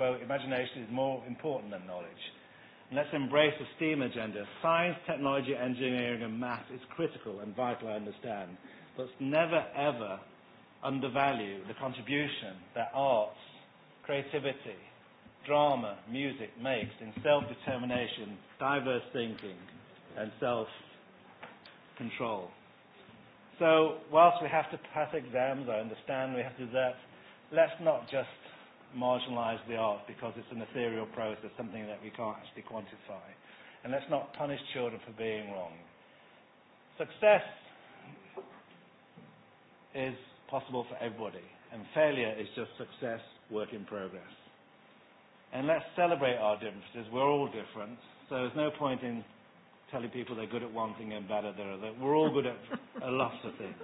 well, imagination is more important than knowledge. And let's embrace the STEAM agenda. Science, technology, engineering, and math is critical and vital, I understand. But never, ever undervalue the contribution that arts, creativity, drama, music makes in self-determination, diverse thinking, and self-control. So whilst we have to pass exams, I understand we have to do that, let's not just marginalize the art because it's an ethereal process, something that we can't actually quantify. And let's not punish children for being wrong. Success is possible for everybody, and failure is just success, work in progress. And let's celebrate our differences. We're all different, so there's no point in telling people they're good at one thing and bad at the other. We're all good at a lot of things.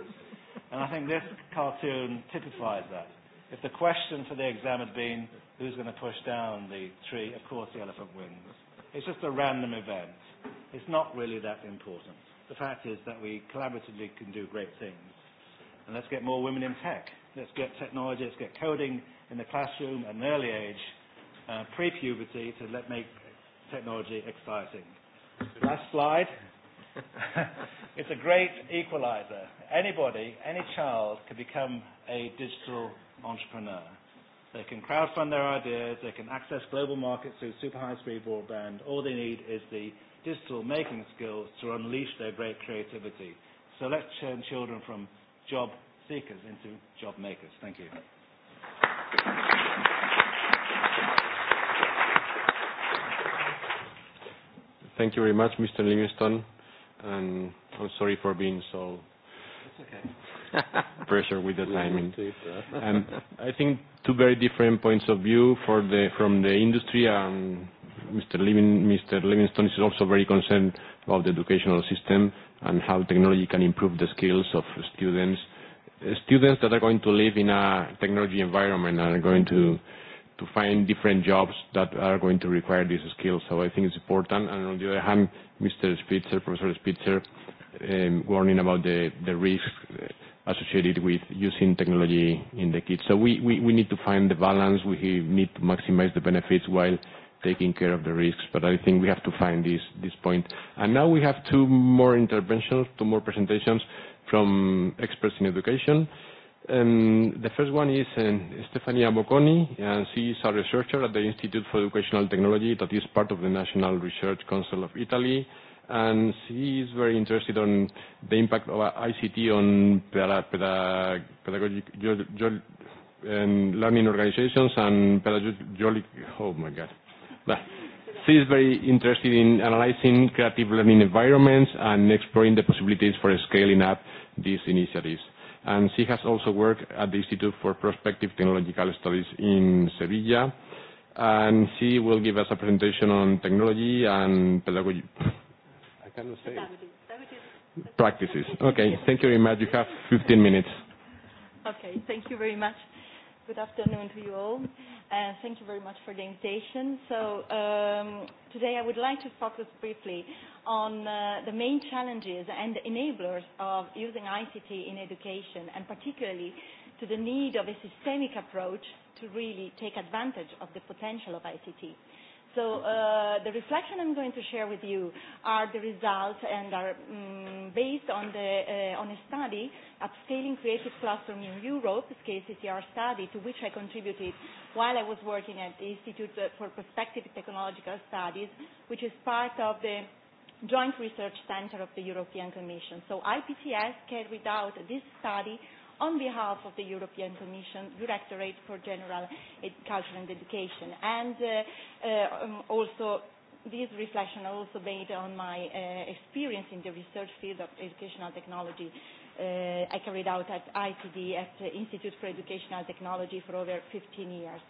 And I think this cartoon typifies that if the question for the exam had been who's going to push down the tree, of course the elephant wins. It's just a random event. It's not really that important. The fact is that we collaboratively can do great things. And let's get more women in tech. Let's get technology, let's get coding in the classroom at an early age, uh, pre-puberty, to let make technology exciting. Last slide. it's a great equalizer. Anybody, any child, can become a digital entrepreneur. They can crowdfund their ideas, they can access global markets through super high-speed broadband. All they need is the digital making skills to unleash their great creativity. So let's turn children from job seekers into job makers. Thank you. Thank you very much, Mr. Livingstone, and I'm sorry for being so. It's okay. pressure with the timing. Uh. I think two very different points of view from the industry. Mr. Um, Livingstone is also very concerned about the educational system and how technology can improve the skills of students. Uh, students that are going to live in a technology environment are going to find different jobs that are going to require these skills. I think it's important. On the other hand, Mr. Spitzer, Professor Spitzer, um, warning about the risk uh, associated with using technology in the kit. So we need to find the balance. We need to maximize the benefits while taking care of the risks, but I think we have to find this point. And now we have two more interventions, two more presentations from experts in education. The first one is uh, Stefania Bocconi, and she is a researcher at the Institute for Educational Technology that is part of the National Research Council of Italy and she is very interested on the impact of ICT on pedagogic and learning organizations and pedagogic. Oh my God. She is very interested in analyzing creative learning environments and exploring the possibilities for scaling up these initiatives. And she has also worked at the Institute for Prospective Technological Studies in Sevilla, and she will give us a presentation on technology and pedagogy can you say? Practices. Okay. Thank you very much. You have 15 minutes. Okay. Thank you very much. Good afternoon to you all. Uh, thank you very much for the invitation. So um, today I would like to focus briefly on uh, the main challenges and enablers of using ICT in education and particularly to the need of a systemic approach to really take advantage of the potential of ICT. So uh, the reflection I'm going to share with you are the results and are um, based on, the, uh, on a study, Upscaling Creative Classroom in Europe, this KCCR study, to which I contributed while I was working at the Institute for Perspective Technological Studies, which is part of the Joint Research Center of the European Commission. So IPTS carried out this study on behalf of the European Commission Directorate for General Culture and Education. And uh, uh, um, also this reflection I also made on my uh, experience in the research field of educational technology. Uh, I carried out at ITD at the Institute for Educational Technology for over 15 years.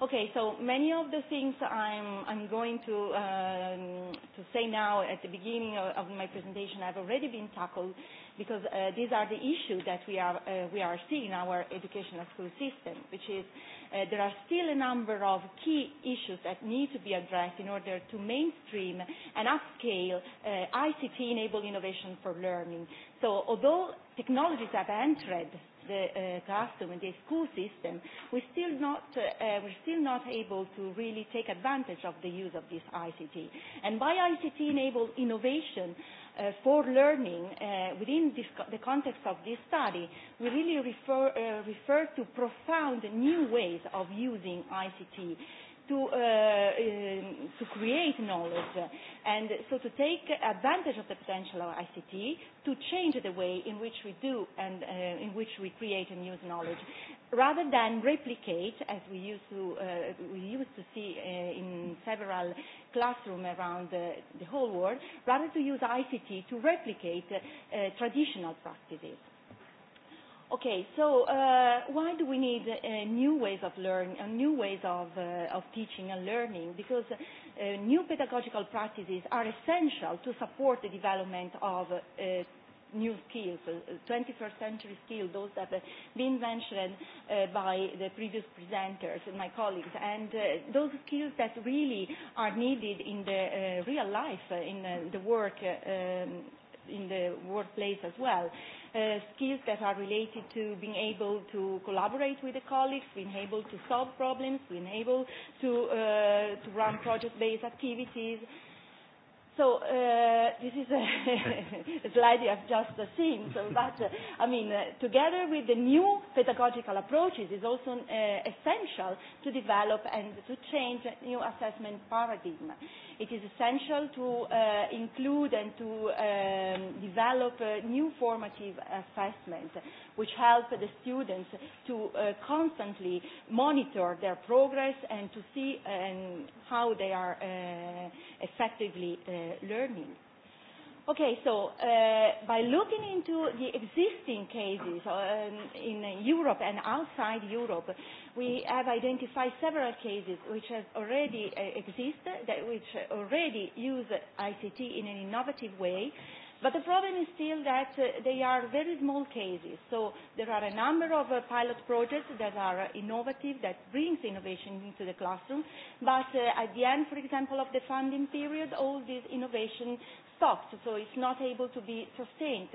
Okay, so many of the things I'm, I'm going to, um, to say now at the beginning of, of my presentation have already been tackled because uh, these are the issues that we are, uh, we are seeing in our educational school system, which is uh, there are still a number of key issues that need to be addressed in order to mainstream and upscale uh, ICT-enabled innovation for learning. So although technologies have entered the uh, custom and the school system, we're still, not, uh, uh, we're still not able to really take advantage of the use of this ICT. And by ICT-enabled innovation, uh, for learning uh, within this co- the context of this study, we really refer, uh, refer to profound new ways of using ICT to, uh, uh, to create knowledge and so to take advantage of the potential of ICT to change the way in which we do and uh, in which we create and use knowledge rather than replicate as we used to, uh, we used to see uh, in several classrooms around the, the whole world, rather to use ICT to replicate uh, traditional practices. Okay, so uh, why do we need uh, new ways of learning and uh, new ways of, uh, of teaching and learning? Because uh, new pedagogical practices are essential to support the development of uh, new skills, uh, 21st century skills, those that have been mentioned uh, by the previous presenters and my colleagues, and uh, those skills that really are needed in the uh, real life, uh, in uh, the work uh, um, in the workplace as well. Uh, skills that are related to being able to collaborate with the colleagues, being able to solve problems, being able to, uh, to run project-based activities. So uh, this is a, a slide you have just uh, seen. So that, uh, I mean, uh, together with the new pedagogical approaches, is also uh, essential to develop and to change a new assessment paradigm. Uh, it is essential to uh, include and to um, develop uh, new formative assessments which help the students to uh, constantly monitor their progress and to see um, how they are uh, effectively uh, learning. Uh, Okay, so uh, by looking into the existing cases um, in Europe and outside Europe, we have identified several cases which have already uh, exist, that which already use ICT in an innovative way. But the problem is still that uh, they are very small cases. So there are a number of uh, pilot projects that are innovative, that brings innovation into the classroom. But uh, at the end, for example, of the funding period, all this innovation stopped, so it's not able to be sustained.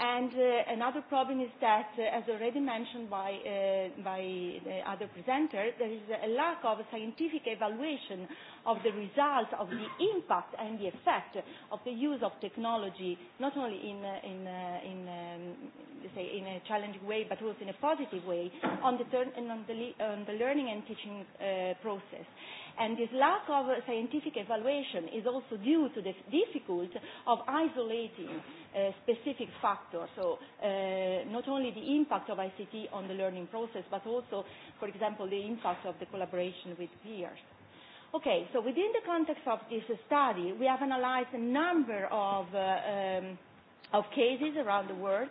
And uh, another problem is that, uh, as already mentioned by, uh, by the other presenter, there is a lack of scientific evaluation of the results, of the impact and the effect of the use of technology, not only in, uh, in, uh, in, um, say in a challenging way, but also in a positive way, on the, turn and on the, le on the learning and teaching uh, process. Uh, And this lack of scientific evaluation is also due to the difficulty of isolating uh, specific factors, so uh, not only the impact of ICT on the learning process, but also, for example, the impact of the collaboration with peers. Okay, so within the context of this study, we have analyzed a number of uh, um, of cases around the world,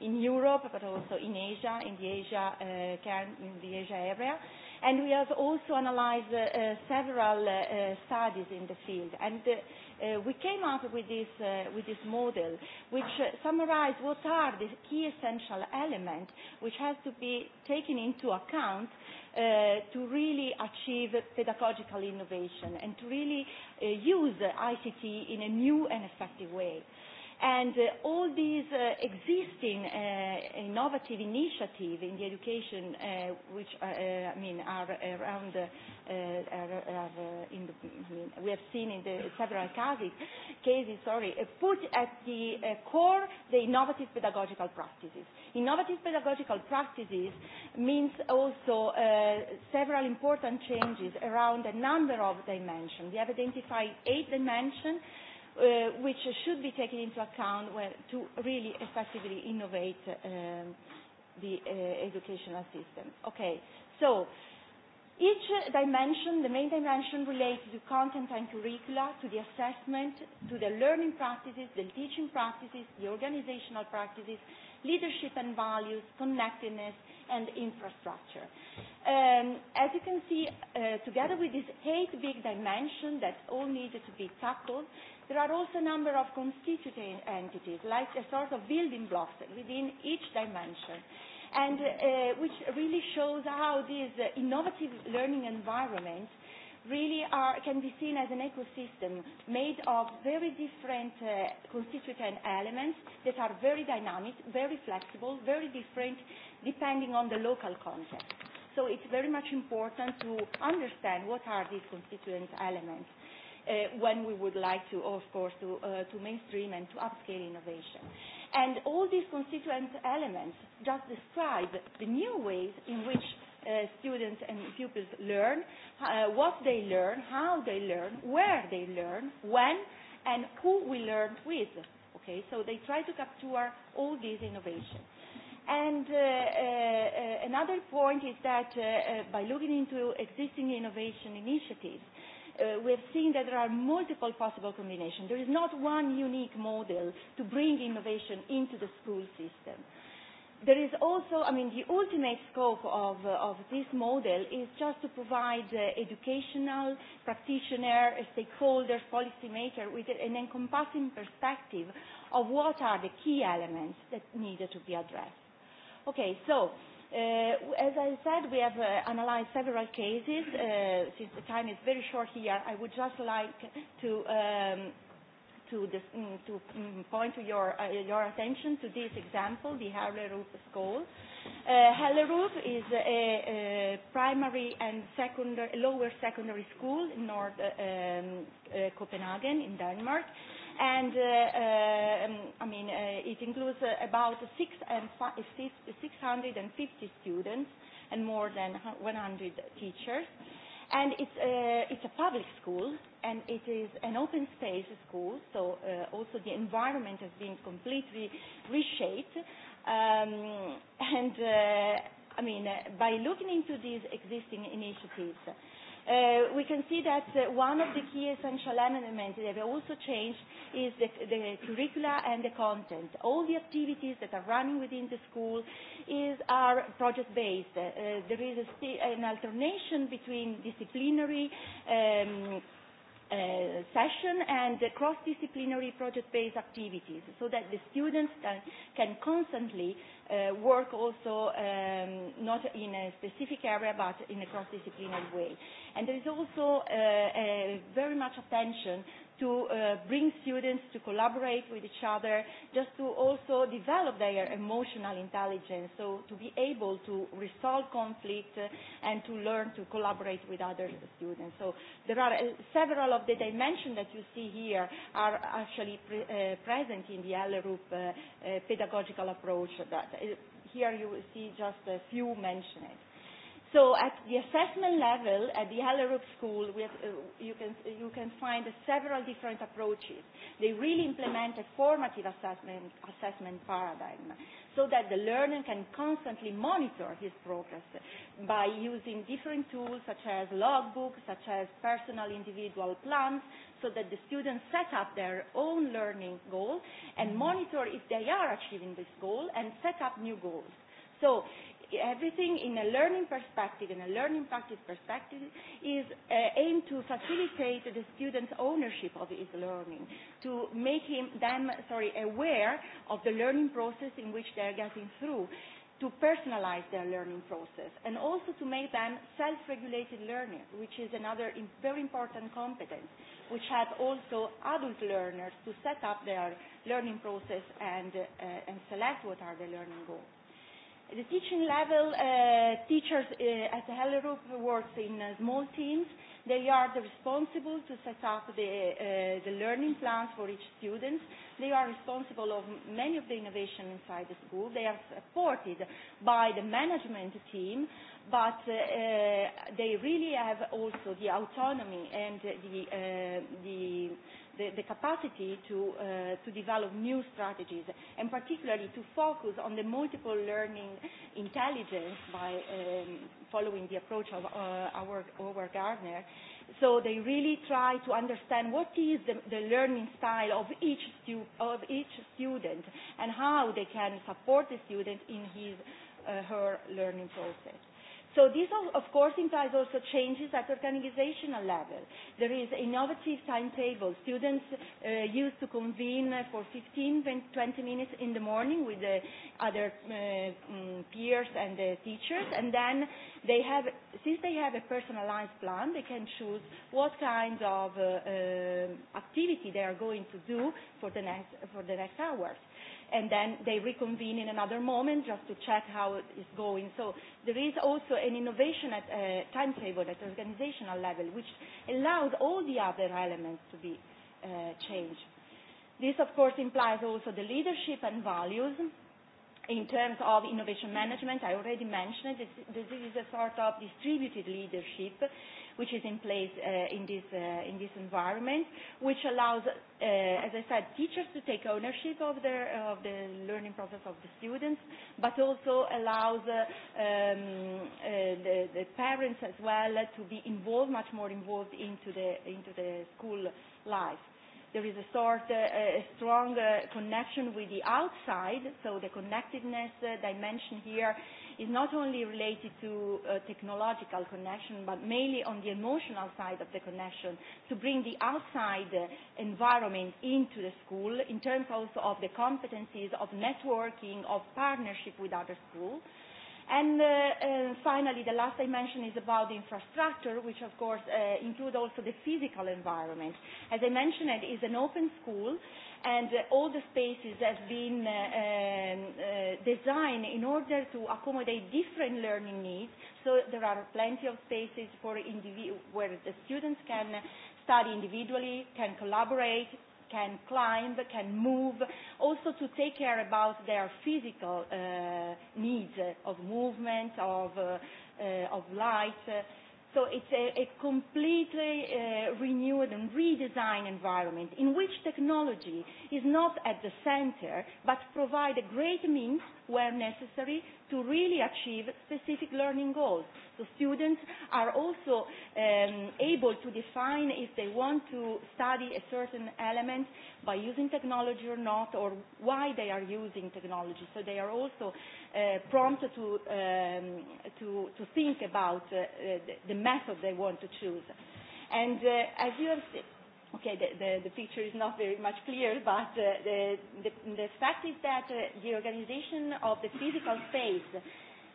in Europe, but also in Asia, in the Asia, uh, in the Asia area, And we have also analyzed uh, uh, several uh, uh, studies in the field. And uh, uh, we came up with this, uh, with this model, which uh, summarized what are the key essential elements which has to be taken into account uh, to really achieve pedagogical innovation and to really uh, use ICT in a new and effective way. Uh, And uh, all these uh, existing uh, innovative initiatives in the education, uh, which uh, uh, I mean are around, uh, uh, are, are, uh, in the, I mean, we have seen in the several cases, cases sorry, uh, put at the uh, core the innovative pedagogical practices. Innovative pedagogical practices means also uh, several important changes around a number of dimensions. We have identified eight dimensions uh, which should be taken into account when, to really effectively innovate um, the uh, educational system. Okay, so Each dimension, the main dimension relates to content and curricula, to the assessment, to the learning practices, the teaching practices, the organizational practices, leadership and values, connectedness, and infrastructure. Um, as you can see, uh, together with these eight big dimensions that all needed to be tackled, there are also a number of constituent entities, like a sort of building blocks within each dimension and uh, which really shows how these uh, innovative learning environments really are, can be seen as an ecosystem made of very different uh, constituent elements that are very dynamic, very flexible, very different depending on the local context. So it's very much important to understand what are these constituent elements uh, when we would like to, of course, to, uh, to mainstream and to upscale innovation. And all these constituent elements just describe the new ways in which uh, students and pupils learn, uh, what they learn, how they learn, where they learn, when, and who we learn with. Okay, so they try to capture all these innovations. And uh, uh, uh, another point is that uh, uh, by looking into existing innovation initiatives, uh, we have seen that there are multiple possible combinations. There is not one unique model to bring innovation into the school system. There is also, I mean, the ultimate scope of, uh, of this model is just to provide uh, educational, practitioner, stakeholders, policymakers with an encompassing perspective of what are the key elements that needed to be addressed. Okay, so Uh, as I said, we have uh, analyzed several cases. Uh, since the time is very short here, I would just like to um, to, this, um, mm, to um, point to your, uh, your attention to this example, the Hellerup school. Uh, Hellerup is a, a primary and secondary, lower secondary school in North uh, um, uh, Copenhagen in Denmark. Uh, and uh, uh, um, I mean uh, it includes uh, about six and fi- 650 students and more than 100 teachers. And it's a, uh, it's a public school, and it is an open space school, so uh, also the environment has been completely reshaped. Um, and uh, I mean, uh, by looking into these existing initiatives, uh, we can see that uh, one of the key essential elements that have also changed is the, the curricula and the content. All the activities that are running within the school is, are project-based. Uh, there is a st- an alternation between disciplinary um, uh, session and the cross-disciplinary project-based activities so that the students can, can constantly uh, work also um, not in a specific area but in a cross-disciplinary way. And there is also uh, a very much attention to uh, bring students to collaborate with each other, just to also develop their emotional intelligence, so to be able to resolve conflict and to learn to collaborate with other students. So there are uh, several of the dimensions that you see here are actually pre uh, present in the LROOP uh, uh, pedagogical approach. That, uh, here you will see just a few mentioned. So at the assessment level, at the Hellerup School, we have, uh, you, can, you can find several different approaches. They really implement a formative assessment, assessment paradigm so that the learner can constantly monitor his progress by using different tools such as logbooks, such as personal individual plans, so that the students set up their own learning goal and monitor if they are achieving this goal and set up new goals. So everything in a learning perspective, in a learning practice perspective, is uh, aimed to facilitate the student's ownership of his learning, to make him, them sorry, aware of the learning process in which they're getting through to personalize their learning process and also to make them self-regulated learners, which is another very important competence, which help also adult learners to set up their learning process and, uh, and select what are the learning goals the teaching level, uh, teachers uh, at Hellerup works in uh, small teams. They are the responsible to set up the, uh, the learning plans for each student. They are responsible of many of the innovation inside the school. They are supported by the management team, but uh, uh, they really have also the autonomy and the, uh, the the, the capacity to, uh, to develop new strategies and particularly to focus on the multiple learning intelligence by um, following the approach of uh, our, our Gardner. So they really try to understand what is the, the learning style of each, stu of each student and how they can support the student in his uh, her learning process. So this, of course, implies also changes at organizational level. There is innovative timetable. Students uh, used to convene for 15, 20 minutes in the morning with the other uh, mm, peers and the teachers, and then they have, since they have a personalized plan, they can choose what kind of uh, uh, activity they are going to do for the next, for the next hours and then they reconvene in another moment just to check how it is going. So there is also an innovation at uh, timetable at organizational level, which allows all the other elements to be uh, changed. This, of course, implies also the leadership and values in terms of innovation management, I already mentioned this, this is a sort of distributed leadership which is in place uh, in, this, uh, in this environment, which allows, uh, as I said, teachers to take ownership of, their, uh, of the learning process of the students, but also allows uh, um, uh, the, the parents as well to be involved, much more involved into the, into the school life there is a sort uh, a strong uh, connection with the outside, so the connectedness uh, dimension here is not only related to uh, technological connection, but mainly on the emotional side of the connection, to bring the outside uh, environment into the school in terms also of the competencies of networking, of partnership with other schools. And uh, uh, finally, the last dimension is about the infrastructure, which of course uh, include also the physical environment. As I mentioned, it is an open school, and uh, all the spaces have been uh, um, uh, designed in order to accommodate different learning needs. So there are plenty of spaces for indivi- where the students can study individually, can collaborate, can climb, can move, also to take care about their physical uh, needs of movement, of, uh, uh, of light. So it's a, a completely uh, renewed and redesigned environment in which technology is not at the center but provide a great means where necessary to really achieve specific learning goals. So students are also um, able to define if they want to study a certain element by using technology or not, or why they are using technology. So they are also uh, prompted to, um, to, to think about uh, uh, the, the method they want to choose. And uh, as you have okay, the, the, the picture is not very much clear, but uh, the, the, the fact is that uh, the organization of the physical space,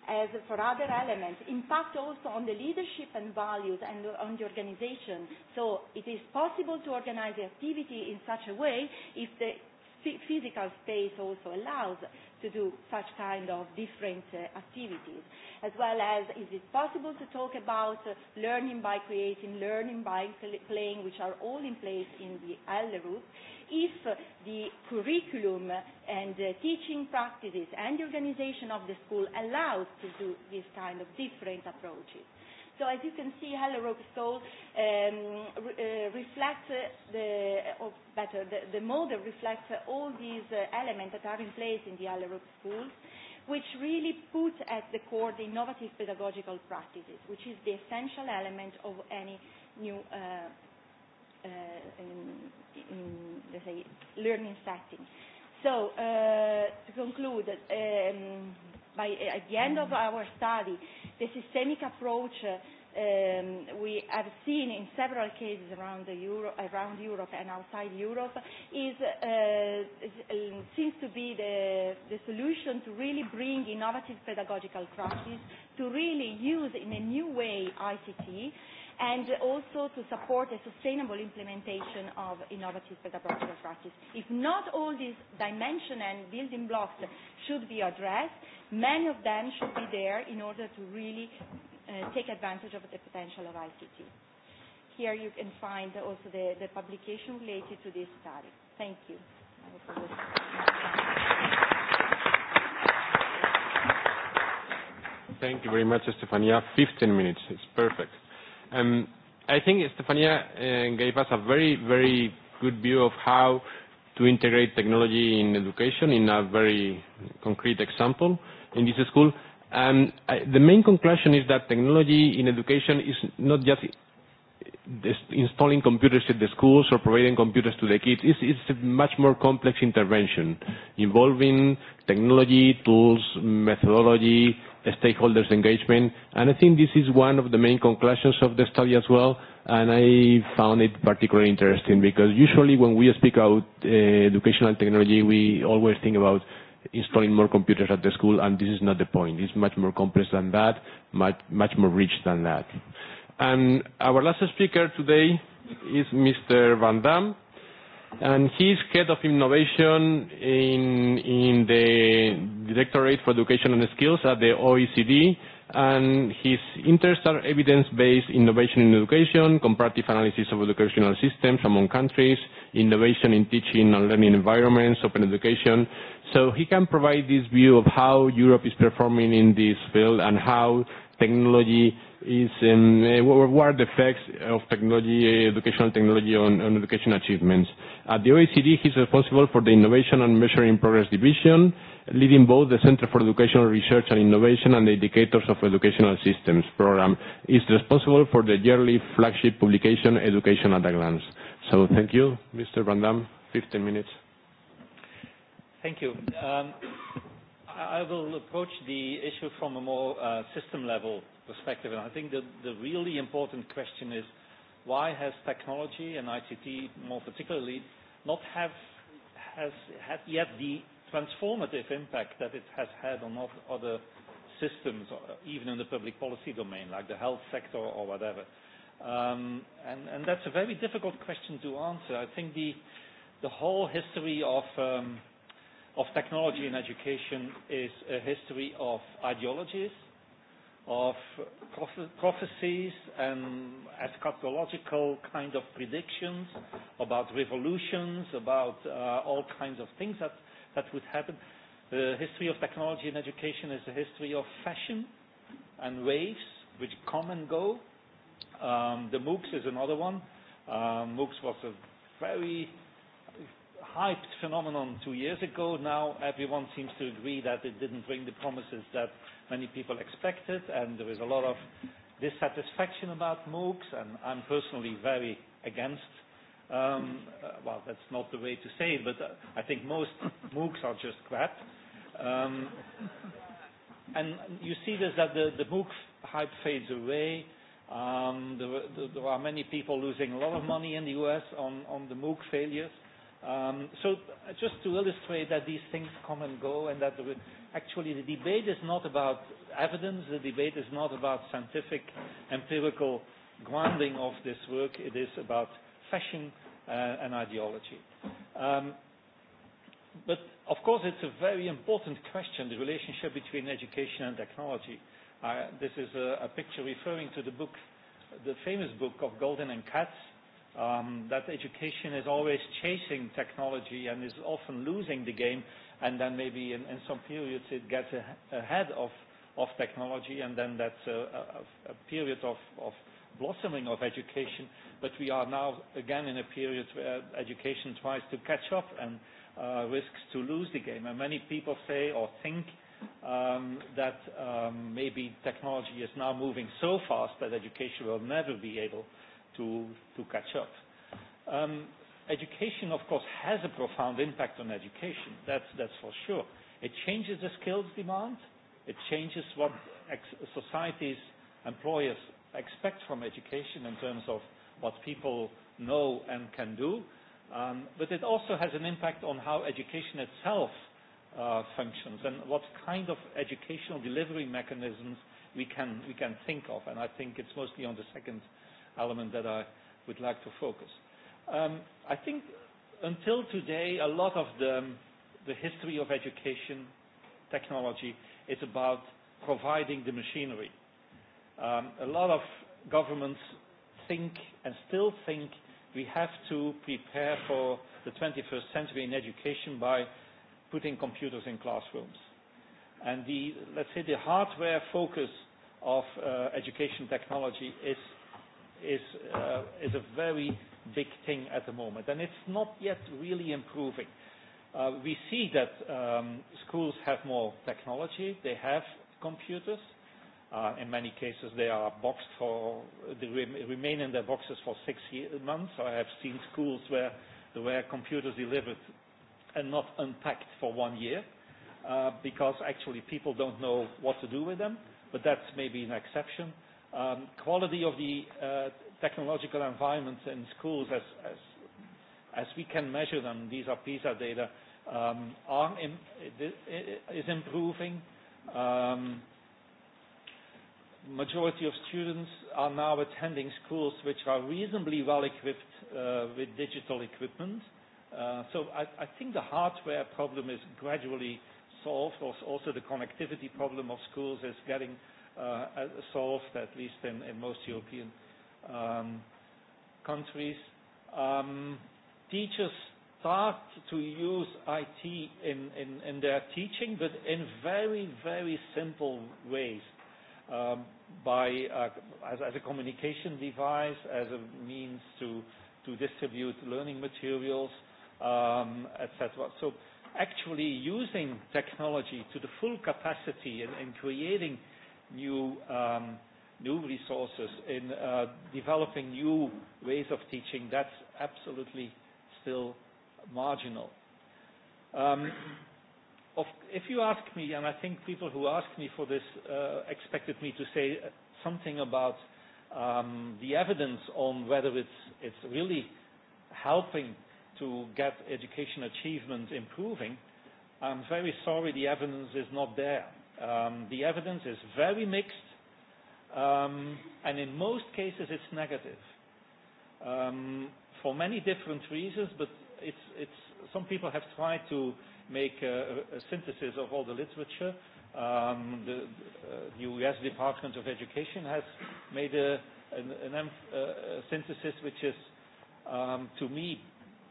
as for other elements, impact also on the leadership and values and on the organization. So it is possible to organize the activity in such a way if the physical space also allows to do such kind of different uh, activities, as well as is it possible to talk about uh, learning by creating, learning by pl playing, which are all in place in the LROOP, if uh, the curriculum and uh, teaching practices and the organization of the school allows to do this kind of different approaches. So as you can see, Hello Rockstall um, re uh, reflects uh, the, uh, or better, the, the model reflects uh, all these uh, elements that are in place in the Hello Rock schools, which really put at the core the innovative pedagogical practices, which is the essential element of any new uh, uh, in, in, let's say, learning setting. So uh, to conclude, um, by eh, at the end of our study, the systemic approach uh, um, we have seen in several cases around, the Euro, around Europe and outside Europe is, uh, is, um, seems to be the, the solution to really bring innovative pedagogical practice, to really use in a new way ICT and also to support a sustainable implementation of innovative pedagogical practice. If not all these dimensions and building blocks should be addressed, many of them should be there in order to really uh, take advantage of the potential of ICT. Here you can find also the, the publication related to this study. Thank you. Thank you very much, Stefania. 15 minutes. It's perfect. Um, I think Stefania uh, gave us a very, very good view of how to integrate technology in education in a very concrete example in this school. Um, I, the main conclusion is that technology in education is not just installing computers at the schools or providing computers to the kids. It's, it's a much more complex intervention involving technology, tools, methodology, stakeholders' engagement. And I think this is one of the main conclusions of the study as well, and I found it particularly interesting because usually when we speak about uh, educational technology, we always think about installing more computers at the school, and this is not the point. It's much more complex than that, much, much more rich than that. And our last speaker today is Mr. Van Damme and he's head of innovation in, in the Directorate for Education and Skills at the OECD, and his interests are evidence-based innovation in education, comparative analysis of educational systems among countries, innovation in teaching and learning environments, open education. So he can provide this view of how Europe is performing in this field and how technology is, um, eh, what are the effects of technology, eh, educational technology on, on education achievements. At the OECD, he's responsible for the Innovation and Measuring Progress Division, leading both the Center for Educational Research and Innovation and the Indicators of Educational Systems program. He's responsible for the yearly flagship publication, Education at a Glance. So thank you, Mr. Van Damme. 15 minutes. Thank you. Um, I will approach the issue from a more uh, system level perspective. And I think that the really important question is why has technology and ICT more particularly not have has had yet the transformative impact that it has had on other systems, even in the public policy domain, like the health sector or whatever. Um, and, and that's a very difficult question to answer. I think the, the whole history of um, of technology in education is a history of ideologies, of prophecies and eschatological kind of predictions about revolutions, about uh, all kinds of things that, that would happen. The history of technology in education is a history of fashion and waves which come and go. Um, the MOOCs is another one. Um, MOOCs was a very hyped phenomenon two years ago. Now everyone seems to agree that it didn't bring the promises that many people expected, and there is a lot of dissatisfaction about MOOCs, and I'm personally very against. Um, uh, well, that's not the way to say it, but uh, I think most MOOCs are just crap. Um, and you see this that the, the MOOC hype fades away. Um, there, there, there are many people losing a lot of money in the US on, on the MOOC failures. Um, so uh, just to illustrate that these things come and go and that the, actually the debate is not about evidence, the debate is not about scientific, empirical grounding of this work, it is about fashion uh, and ideology. Um, but of course it's a very important question, the relationship between education and technology. Uh, this is a, a picture referring to the book, the famous book of Golden and Katz, um, that education is always chasing technology and is often losing the game, and then maybe in, in some periods it gets a, ahead of, of technology, and then that's a, a, a period of, of blossoming of education. But we are now again in a period where education tries to catch up and uh, risks to lose the game. And many people say or think um, that um, maybe technology is now moving so fast that education will never be able uh, to, to catch up. Um, education, of course, has a profound impact on education. That's, that's for sure. It changes the skills demand. It changes what ex- societies, employers expect from education in terms of what people know and can do. Um, but it also has an impact on how education itself uh, functions and what kind of educational delivery mechanisms we can, we can think of. And I think it's mostly on the second uh, element that I would like to focus. Um, I think until today, a lot of the, the history of education technology is about providing the machinery. Um, a lot of governments think and still think we have to prepare for the 21st century in education by putting computers in classrooms. And the, let's say the hardware focus of uh, education technology is is, uh, is a very big thing at the moment, and it's not yet really improving. Uh, we see that um, schools have more technology, they have computers. Uh, in many cases, they are boxed for, they remain in their boxes for six year, months. I have seen schools where there were computers delivered and not unpacked for one year uh, because actually people don't know what to do with them, but that's maybe an exception. Uh, Um, quality of the uh, technological environments in schools as, as, as we can measure them, these are PISA data, um, are in, is improving. Um, majority of students are now attending schools which are reasonably well equipped uh, with digital equipment. Uh, so I, I think the hardware problem is gradually solved. Also, also the connectivity problem of schools is getting uh, uh, solved, at least in, in most European um, countries. Um, teachers start to use IT in, in, in their teaching, but in very, very simple ways. Um, by uh, as, as a communication device, as a means to to distribute learning materials, um, etc. So actually using technology to the full capacity and, and creating uh, new um, new resources, in uh, developing new ways of teaching, that's absolutely still marginal. Um, of, if you ask me, and I think people who ask me for this uh, expected me to say something about um, the evidence on whether it's, it's really helping to get education achievement improving, I'm very sorry the evidence is not there. Um, the evidence is very mixed, um, and in most cases it's negative um, for many different reasons, but it's, it's, some people have tried to make a, a synthesis of all the literature. Um, the, uh, the U.S. Department of Education has made a, an, an, um, uh, a synthesis which is, um, to me,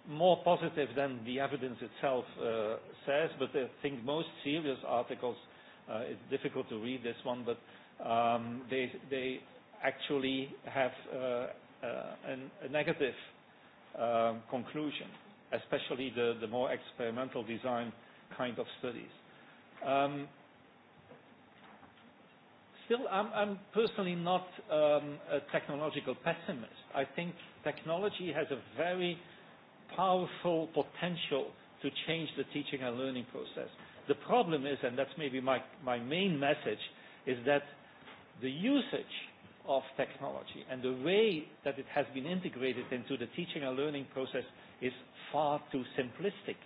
more positive than the evidence itself uh, says, but I think most serious articles uh, uh, it's difficult to read this one, but um, they, they actually have uh, uh, an, a negative um, conclusion, especially the, the more experimental design kind of studies. Um, still, I'm, I'm personally not um, a technological pessimist. I think technology has a very powerful potential to change the teaching and learning process. The problem is, and that's maybe my, my main message, is that the usage of technology and the way that it has been integrated into the teaching and learning process is far too simplistic.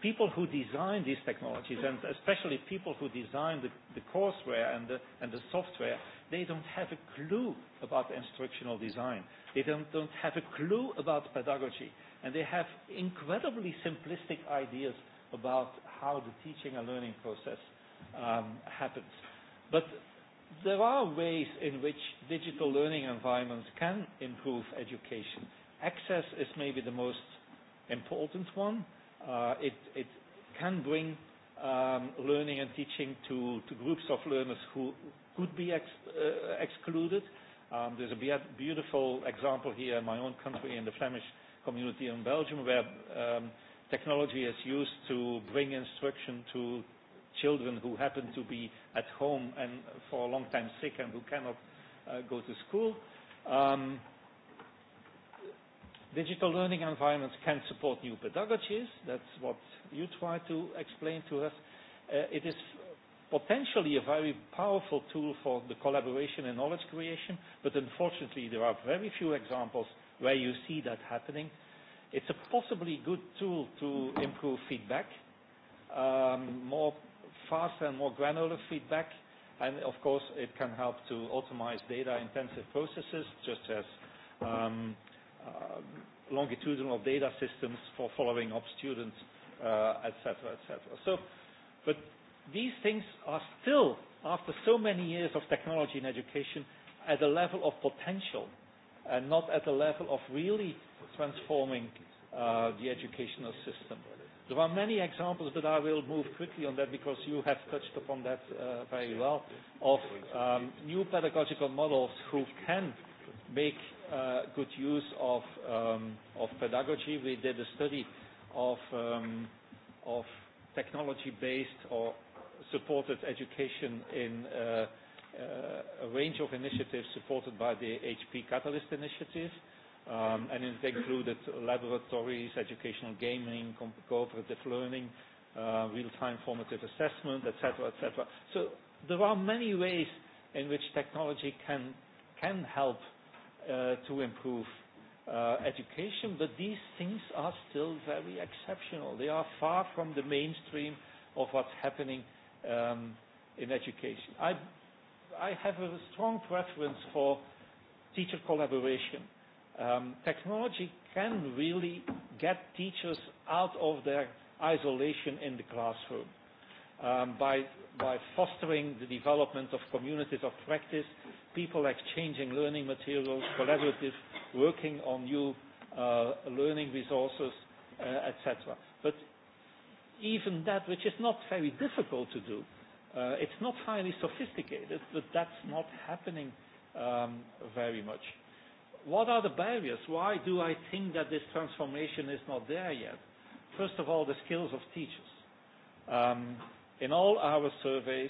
People who design these technologies, and especially people who design the, the courseware and the, and the software, they don't have a clue about instructional design. They don't, don't have a clue about pedagogy. And they have incredibly simplistic ideas about how the teaching and learning process um, happens. But there are ways in which digital learning environments can improve education. Access is maybe the most important one. Uh, it, it can bring um, learning and teaching to, to groups of learners who could be ex, uh, excluded. Um, there's a beautiful example here in my own country, in the Flemish community in Belgium, where um, technology is used to bring instruction to children who happen to be at home and for a long time sick and who cannot uh, go to school. Um, digital learning environments can support new pedagogies. That's what you try to explain to us. Uh, it is potentially a very powerful tool for the collaboration and knowledge creation, but unfortunately there are very few examples where you see that happening. Uh, It's a possibly good tool to improve feedback, um, more fast and more granular feedback, and of course it can help to optimize data-intensive processes, just as um, uh, longitudinal data systems for following up students, uh, etc., etc. So, but these things are still, after so many years of technology in education, at a level of potential and not at the level of really transforming uh, the educational system. There are many examples, but I will move quickly on that because you have touched upon that uh, very well, of um, new pedagogical models who can make uh, good use of, um, of pedagogy. We did a study of, um, of technology-based or supported education in uh, Uh, a range of initiatives supported by the HP Catalyst initiative, um, and it included laboratories, educational gaming, cooperative learning, uh, real-time formative assessment, etc., etc. So there are many ways in which technology can can help uh, to improve uh, education, but these things are still very exceptional. They are far from the mainstream of what's happening um, in education. I I have a strong preference for teacher collaboration. Um, technology can really get teachers out of their isolation in the classroom um, by, by fostering the development of communities of practice, people exchanging learning materials, collaborative, working on new uh, learning resources, uh, etc. But even that, which is not very difficult to do, Uh, it's not highly sophisticated, but that's not happening um, very much. What are the barriers? Why do I think that this transformation is not there yet? First of all, the skills of teachers. Um, in all our surveys,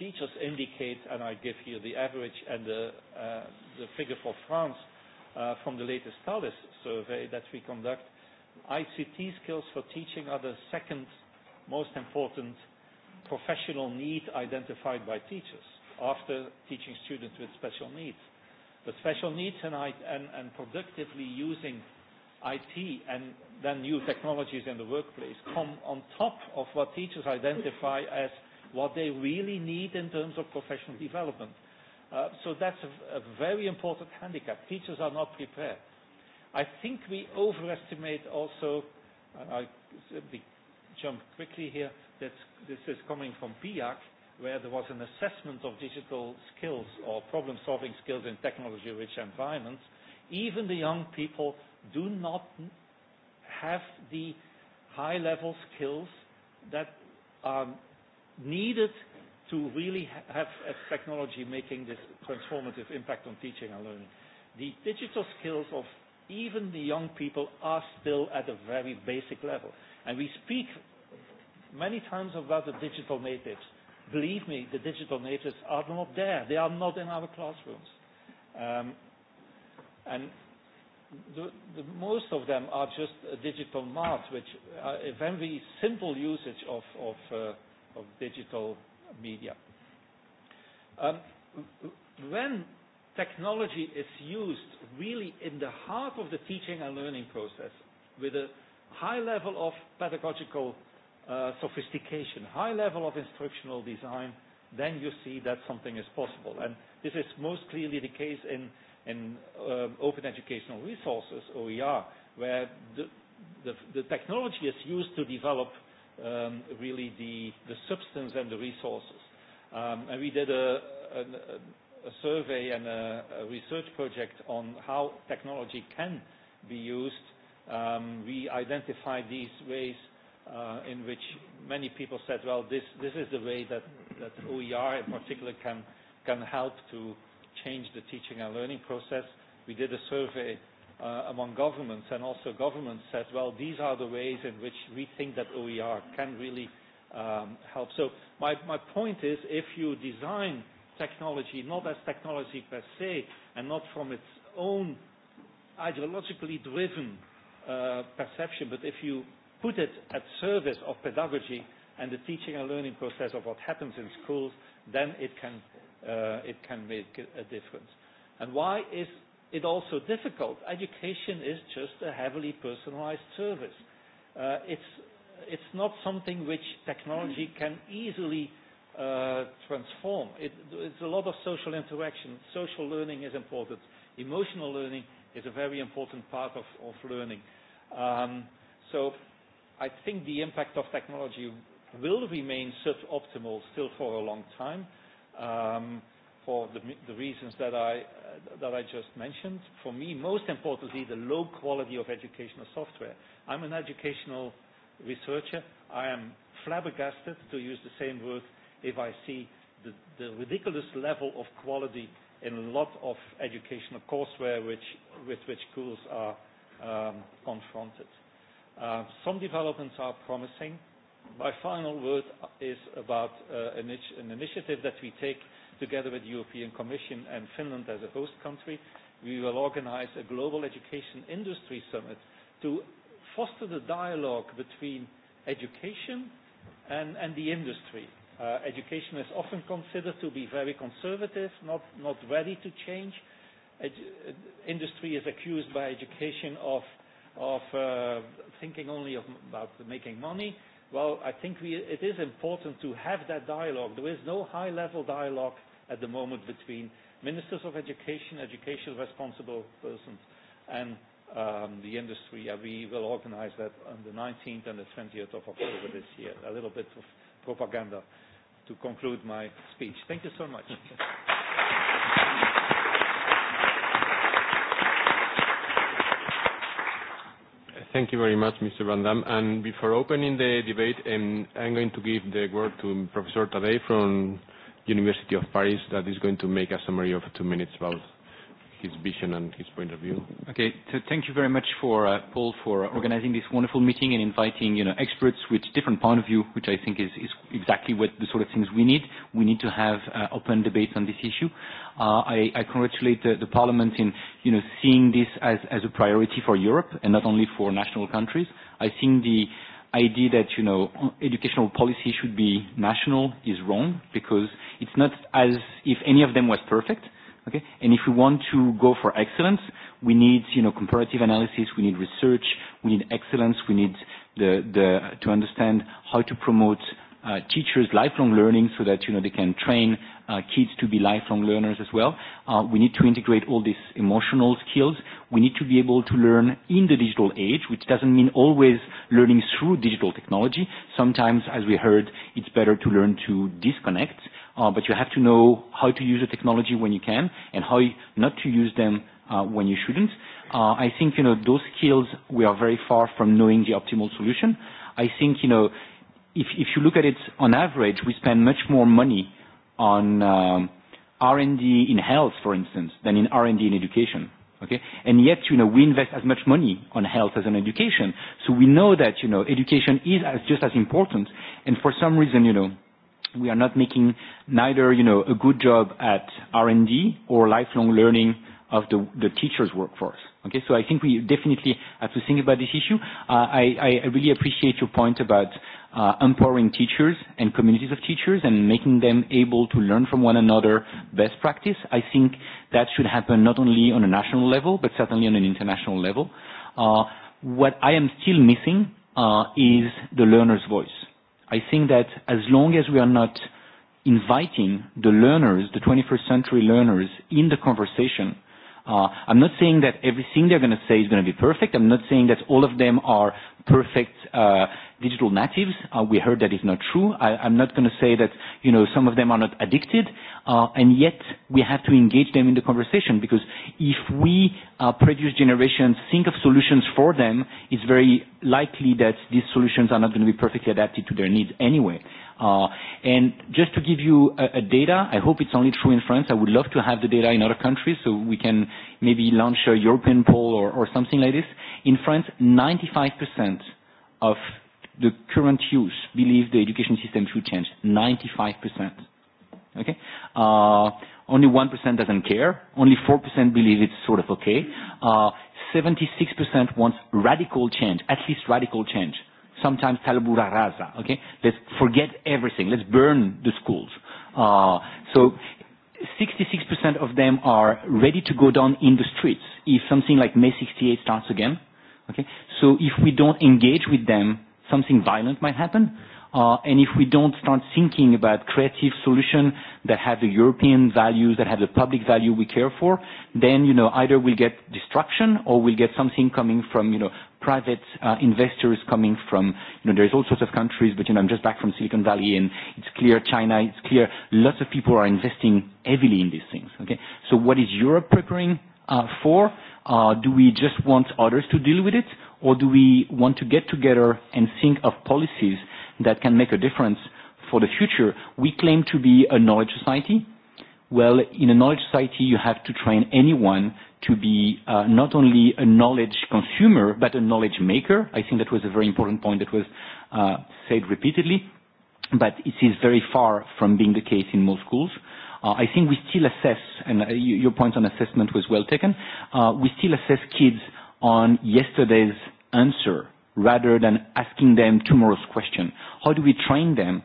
teachers indicate, and I give here the average and the, uh, the figure for France uh, from the latest TALIS survey that we conduct, ICT skills for teaching are the second most important uh, professional need identified by teachers after teaching students with special needs. But special needs and, and, and productively using IT and then new technologies in the workplace come on top of what teachers identify as what they really need in terms of professional development. Uh, so that's a, a very important handicap. Teachers are not prepared. I think we overestimate also, and I jump quickly here, That's, this is coming from PIAC, where there was an assessment of digital skills or problem-solving skills in technology-rich environments. Even the young people do not have the high-level skills that are needed to really have technology making this transformative impact on teaching and learning. The digital skills of even the young people are still at a very basic level. And we speak many times about the digital natives. Believe me, the digital natives are not there. They are not in our classrooms. Um, and the, the most of them are just a digital mart, which uh, a very simple usage of, of, uh, of digital media. Um, when technology is used really in the heart of the teaching and learning process, with a high level of pedagogical uh, sophistication, high level of instructional design, then you see that something is possible. And this is most clearly the case in, in um, open educational resources, OER, where the, the, the technology is used to develop um, really the, the substance and the resources. Um, and we did a, a, a survey and a, a research project on how technology can be used. Um, we identified these ways uh, in which many people said, well, this, this is the way that, that OER in particular can, can help to change the teaching and learning process. We did a survey uh, among governments, and also governments said, well, these are the ways in which we think that OER can really um, help. So my, my point is, if you design technology not as technology per se, and not from its own ideologically driven uh, perception, but if you put it at service of pedagogy and the teaching and learning process of what happens in schools, then it can, uh, it can make a difference. And why is it also difficult? Education is just a heavily personalized service. Uh, it's, it's not something which technology can easily uh, transform. It, it's a lot of social interaction. Social learning is important. Emotional learning is a very important part of, of learning. Um, so I think the impact of technology will remain suboptimal still for a long time, um, for the, the reasons that I, uh, that I just mentioned. For me, most importantly, the low quality of educational software. I'm an educational researcher. I am flabbergasted, to use the same word, if I see the, the ridiculous level of quality in a lot of educational courseware which, with which schools are um, confronted. Uh, some developments are promising. My final word is about uh, an, an initiative that we take together with the European Commission and Finland as a host country. We will organize a global education industry summit to foster the dialogue between education and, and the industry. Uh, education is often considered to be very conservative, not, not ready to change. Edu industry is accused by education of uh, of uh, thinking only of, about making money. Well, I think we, it is important to have that dialogue. There is no high-level dialogue at the moment between ministers of education, education responsible persons, and um, the industry. Uh, we will organize that on the 19th and the 20th of October this year. A little bit of propaganda to conclude my speech. Thank you so much. Thank you very much, Mr. Van Dam. And before opening the debate, um, I'm going to give the word to Professor Tadei from University of Paris that is going to make a summary of two minutes about his vision and his point of view. Okay. So thank you very much for uh, Paul for uh, organizing this wonderful meeting and inviting you know experts with different point of view, which I think is, is exactly what the sort of things we need. We need to have uh, open debates on this issue. Uh, I, I congratulate the, the Parliament in you know seeing this as, as a priority for Europe and not only for national countries. I think the idea that you know educational policy should be national is wrong because it's not as if any of them was perfect Okay? And if we want to go for excellence, we need, you know, comparative analysis, we need research, we need excellence, we need the, the, to understand how to promote uh, teachers lifelong learning so that, you know, they can train uh, kids to be lifelong learners as well. Uh, we need to integrate all these emotional skills. We need to be able to learn in the digital age, which doesn't mean always learning through digital technology. Sometimes, as we heard, it's better to learn to disconnect. Uh, uh, but you have to know how to use the technology when you can and how not to use them uh, when you shouldn't. Uh, I think, you know, those skills, we are very far from knowing the optimal solution. I think, you know, if, if you look at it on average, we spend much more money on um, R&D in health, for instance, than in R&D in education. Okay? And yet, you know, we invest as much money on health as on education. So we know that, you know, education is as, just as important. And for some reason, you know, we are not making neither, you know, a good job at R&D or lifelong learning of the, the teachers' workforce. Okay, so I think we definitely have to think about this issue. Uh, I, I really appreciate your point about uh, empowering teachers and communities of teachers and making them able to learn from one another best practice. I think that should happen not only on a national level, but certainly on an international level. Uh, what I am still missing uh, is the learner's voice I think that as long as we are not inviting the learners, the 21st century learners, in the conversation, uh, I'm not saying that everything they're going to say is going to be perfect. I'm not saying that all of them are perfect uh, digital natives. Uh, we heard that is not true. I, I'm not going to say that you know some of them are not addicted. Uh, and yet we have to engage them in the conversation because if we, uh, previous generations, think of solutions for them, it's very likely that these solutions are not going to be perfectly adapted to their needs anyway. Uh, and just to give you a, a data, I hope it's only true in France. I would love to have the data in other countries so we can maybe launch a European poll or, or something like this. In France, 95% of the current youth believe the education system should change. 95%. Okay? Uh, only 1% doesn't care. Only 4% believe it's sort of okay. Uh, 76% wants radical change, at least radical change. Sometimes talbura rasa, okay? Let's forget everything. Let's burn the schools. Uh, so 66% of them are ready to go down in the streets if something like May 68 starts again. Okay? So if we don't engage with them, something violent might happen. Mm-hmm. Uh, and if we don't start thinking about creative solutions that have the European values, that have the public value we care for, then, you know, either we'll get destruction or we'll get something coming from, you know, private uh, investors coming from, you know, there's all sorts of countries, but, you know, I'm just back from Silicon Valley, and it's clear China, it's clear lots of people are investing heavily in these things, okay? So what is Europe preparing uh, for? Uh, do we just want others to deal with it, or do we want to get together and think of policies that can make a difference for the future. We claim to be a knowledge society. Well, in a knowledge society, you have to train anyone to be uh, not only a knowledge consumer, but a knowledge maker. I think that was a very important point that was uh, said repeatedly, but it is very far from being the case in most schools. Uh, I think we still assess, and uh, you, your point on assessment was well taken, uh, we still assess kids on yesterday's answer rather than asking them tomorrow's question? How do we train them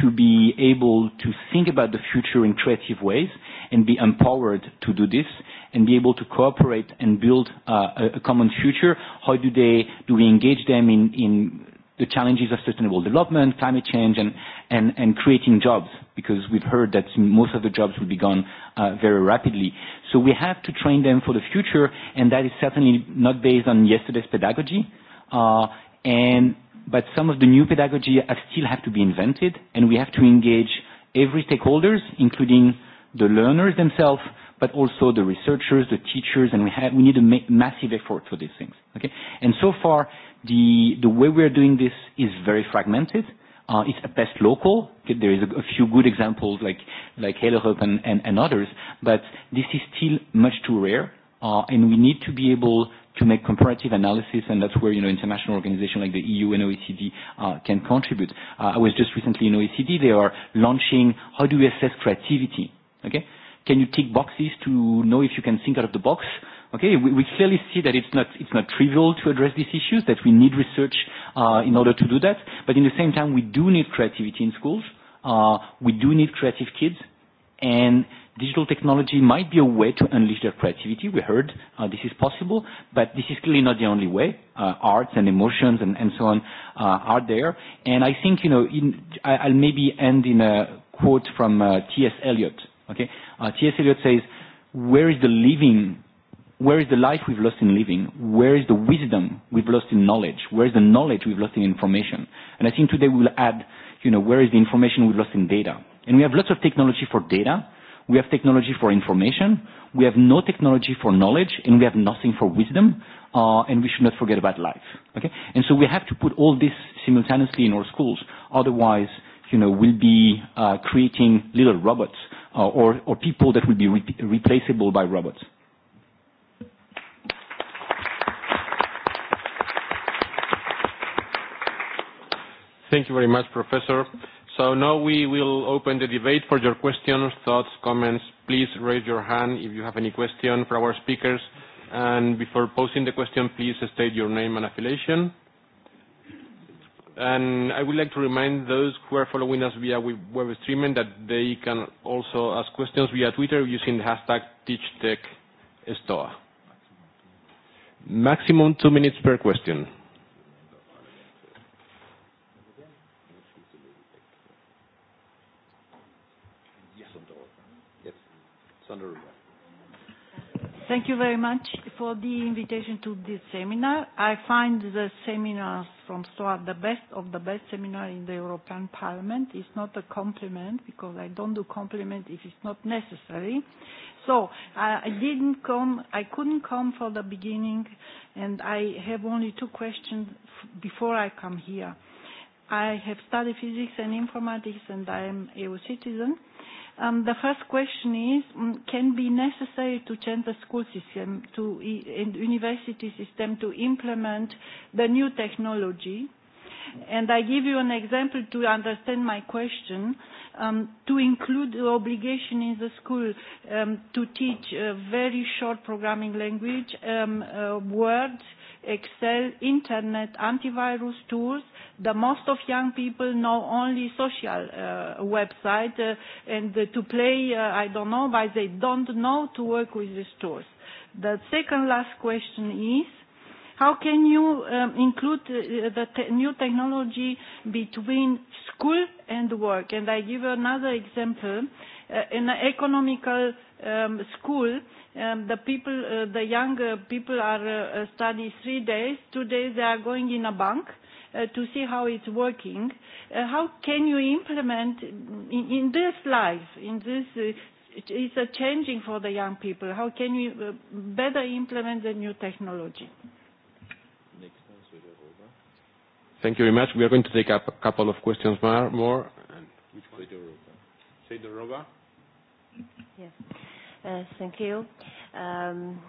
to be able to think about the future in creative ways and be empowered to do this and be able to cooperate and build uh, a common future? How do they do we engage them in, in the challenges of sustainable development, climate change, and, and, and creating jobs? Because we've heard that most of the jobs will be gone uh, very rapidly. So we have to train them for the future, and that is certainly not based on yesterday's pedagogy. Uh, Uh, and but some of the new pedagogy have still have to be invented, and we have to engage every stakeholders, including the learners themselves, but also the researchers, the teachers, and we have we need a ma massive effort for these things. Okay, and so far the the way we are doing this is very fragmented. Uh, it's at best local. Okay, there is a, a few good examples like like Hellerup and, and, and others, but this is still much too rare, uh, and we need to be able to make comparative analysis, and that's where, you know, international organizations like the EU and OECD uh, can contribute. Uh, I was just recently in OECD. They are launching how do we assess creativity? Okay, can you tick boxes to know if you can think out of the box? Okay, we, we clearly see that it's not it's not trivial to address these issues. That we need research uh, in order to do that. But in the same time, we do need creativity in schools. Uh, we do need creative kids, and digital technology might be a way to unleash their creativity. We heard uh, this is possible, but this is clearly not the only way. Uh, arts and emotions and, and so on uh, are there. And I think, you know, in, I, I'll maybe end in a quote from uh, T.S. Eliot. Okay, uh, T.S. Eliot says, "Where is the living? Where is the life we've lost in living? Where is the wisdom we've lost in knowledge? Where is the knowledge we've lost in information?" And I think today we'll add, you know, where is the information we've lost in data? And we have lots of technology for data, We have technology for information, we have no technology for knowledge, and we have nothing for wisdom, uh, and we should not forget about life. Okay? And so we have to put all this simultaneously in our schools, otherwise, you know, we'll be uh, creating little robots uh, or, or people that will be re- replaceable by robots. Thank you very much, Professor. So now we will open the debate for your questions, thoughts, comments. Please raise your hand if you have any question for our speakers. And before posing the question, please state your name and affiliation. And I would like to remind those who are following us via web streaming that they can also ask questions via Twitter using the hashtag #TeachTechStoa. Maximum two minutes per question. under review. Thank you very much for the invitation to this seminar. I find the seminars from STOA the best of the best seminar in the European Parliament. It's not a compliment because I don't do compliment if it's not necessary. So I, I didn't come, I couldn't come for the beginning and I have only two questions before I come here. I have studied physics and informatics and I am EU citizen. Uh, Um, the first question is, um, can be necessary to change the school system to and university system to implement the new technology? And I give you an example to understand my question. Um, to include the obligation in the school um, to teach a very short programming language, um, uh, words, Excel, internet, antivirus tools. The most of young people know only social uh, website uh, and uh, to play, uh, I don't know, but they don't know to work with these tools. The second last question is, how can you um, include uh, the te new technology between school and work? And I give another example. Uh, in an economical um, school, uh, um, the people, uh, the young uh, people are uh, uh, study three days, two days they are going in a bank uh, to see how it's working. Uh, how can you implement in, in this life, in this, uh, it's a changing for the young people, how can you uh, better implement the new technology? Thank you very much. We are going to take up a couple of questions more. more. And which one? Sederova. Sederova? Yes. Uh, thank you. Um,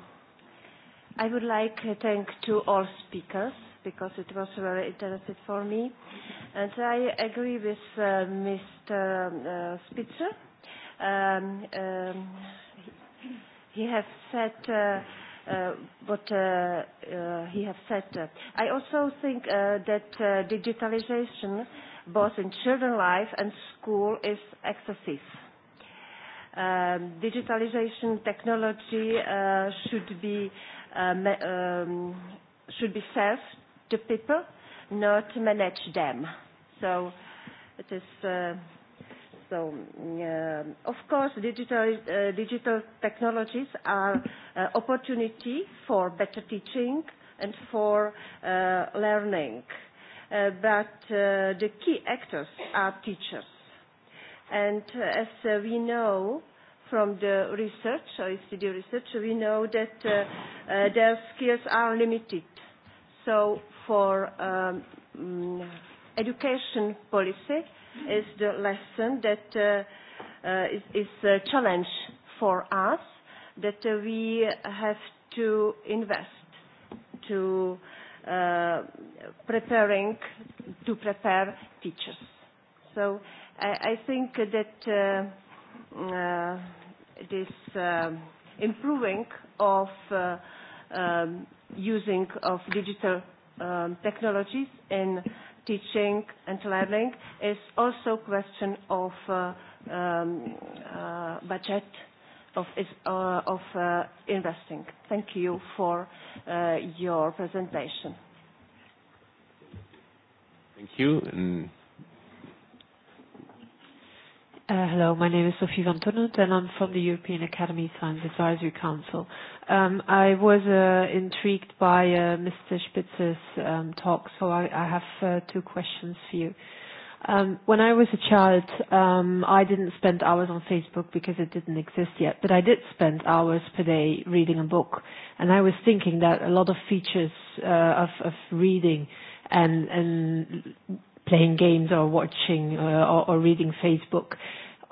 I would like to uh, thank to all speakers because it was very interesting for me. And I agree with uh, Mr. Um, uh, Spitzer. Um, um, he has said uh, uh, what uh, uh, he has said. Uh, I also think uh, that uh, digitalization both in children's life and school is excessive Um, digitalization technology uh, should be um, um, should be served to people, not manage them. So it is. Uh, so, uh, of course, digital, uh, digital technologies are uh, opportunity for better teaching and for uh, learning. Uh, but uh, the key actors are teachers And as uh, we know from the research, OECD research, we know that uh, uh, their skills are limited. So for um, um, education policy is the lesson that uh, uh, is, is a challenge for us that uh, we have to invest to uh, preparing to prepare teachers. So uh, I, I think that uh, uh, this uh, improving of uh, um, using of digital um, technologies in teaching and learning is also a question of uh, um, uh, budget of, is, uh, of uh, investing. Thank you for uh, your presentation. Thank you. And Uh, hello, my name is Sophie van Tonnut, and I'm from the European Academy Science Advisory Council. Um, I was uh, intrigued by uh, Mr. Spitzer's um, talk, so I, I have uh, two questions for you. Um, when I was a child, um, I didn't spend hours on Facebook because it didn't exist yet, but I did spend hours per day reading a book. And I was thinking that a lot of features uh, of, of reading and, and playing games or watching uh, or, or reading Facebook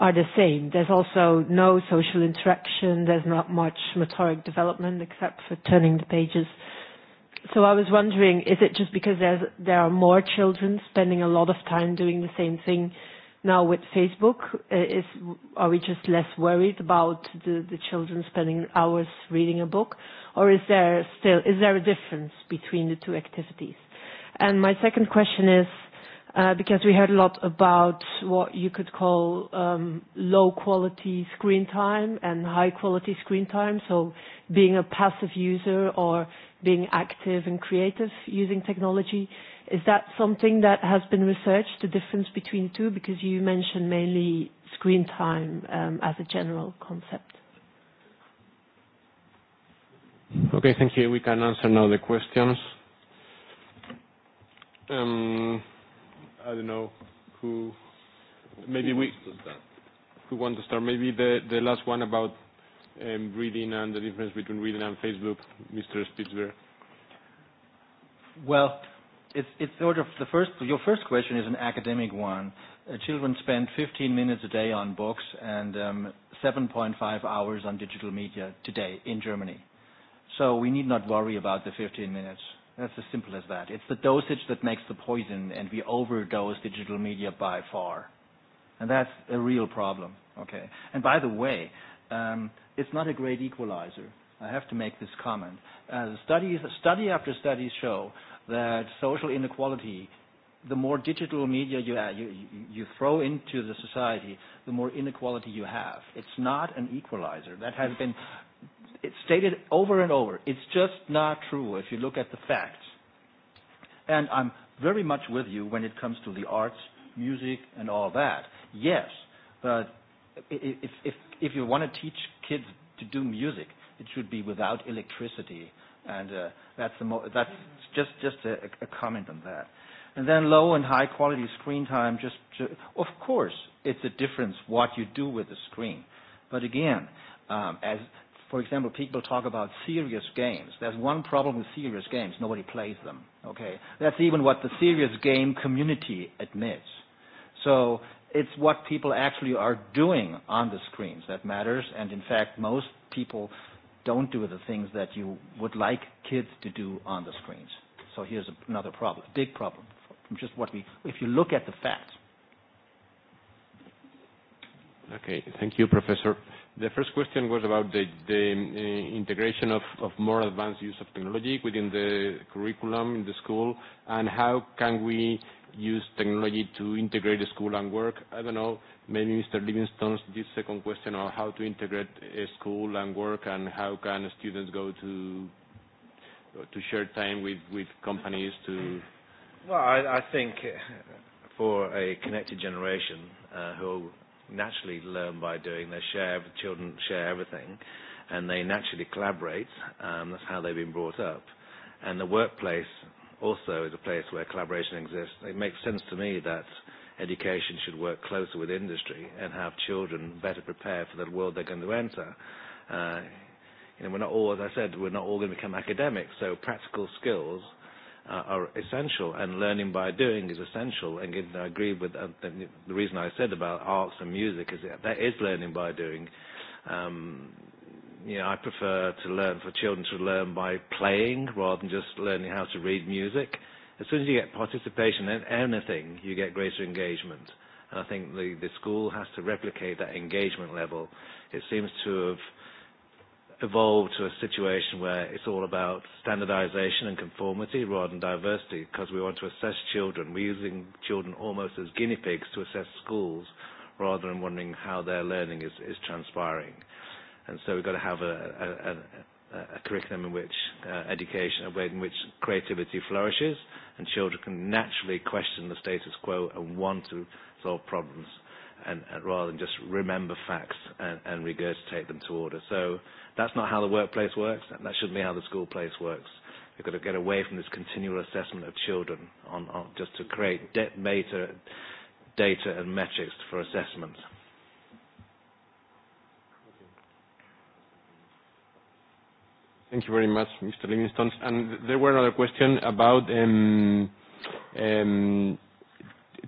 are the same. There's also no social interaction. There's not much motoric development except for turning the pages. So I was wondering, is it just because there's, there are more children spending a lot of time doing the same thing now with Facebook? Uh, is, are we just less worried about the, the children spending hours reading a book? Or is there still, is there a difference between the two activities? And my second question is, Uh, because we heard a lot about what you could call um, low-quality screen time and high-quality screen time. So being a passive user or being active and creative using technology, is that something that has been researched, the difference between the two? Because you mentioned mainly screen time um, as a general concept. Okay, thank you. We can answer now the questions. Um, I don't know who. Maybe who we. Wants to who want to start? Maybe the, the last one about um, reading and the difference between reading and Facebook, Mr. Spitzberg. Well, it's it's sort of the first. Your first question is an academic one. Uh, children spend 15 minutes a day on books and um, 7.5 hours on digital media today in Germany. So we need not worry about the 15 minutes. That's as simple as that. It's the dosage that makes the poison, and we overdose digital media by far. And that's a real problem, okay? And by the way, um, it's not a great equalizer. I have to make this comment. Uh, studies, study after study show that social inequality, the more digital media you, uh, you, you throw into the society, the more inequality you have. It's not an equalizer. That has been it's stated over and over. It's just not true if you look at the facts. And I'm very much with you when it comes to the arts, music, and all that. Yes, but if, if, if you want to teach kids to do music, it should be without electricity. And uh, that's, the mo- that's just, just a, a comment on that. And then low and high quality screen time, just to, of course, it's a difference what you do with the screen. But again, um, as for example, people talk about serious games. There's one problem with serious games. Nobody plays them. Okay. That's even what the serious game community admits. So it's what people actually are doing on the screens that matters. And in fact, most people don't do the things that you would like kids to do on the screens. So here's another problem, big problem from just what we, if you look at the facts. Okay. Thank you, Professor. The first question was about the uh, integration of more advanced use of technology within the curriculum in the school, and how can we use technology to integrate school and work. I don't know, maybe Mr. Livingstone's this second question on how to integrate uh, school and work, and how can students go to share time with companies to. Well, I think for a connected generation uh, who naturally learn by doing. They share, children share everything, and they naturally collaborate. Um, that's how they've been brought up. And the workplace also is a place where collaboration exists. It makes sense to me that education should work closer with industry and have children better prepared for the world they're going to enter. Uh, you know, we're not all, as I said, we're not all going to become academics, so practical skills – uh, are essential, and learning by doing is essential. And again, I agree with uh, the, the reason I said about arts and music is that, that is learning by doing. Um, you know, I prefer to learn for children to learn by playing rather than just learning how to read music. As soon as you get participation in anything, you get greater engagement. And I think the, the school has to replicate that engagement level. It seems to have evolved to a situation where it's all about standardization and conformity rather than diversity because we want to assess children. We're using children almost as guinea pigs to assess schools rather than wondering how their learning is, is transpiring. And so we've got to have a, a, a, a curriculum in which uh, education, a way in which creativity flourishes and children can naturally question the status quo and want to solve problems and, and rather than just remember facts and, and regurgitate them to order. So That's not how the workplace works. That shouldn't be how the school place works. We've got to get away from this continual assessment of children on, on just to create data, data and metrics for assessment. Thank you very much, Mr. Livingstone. And there were another question about um, um,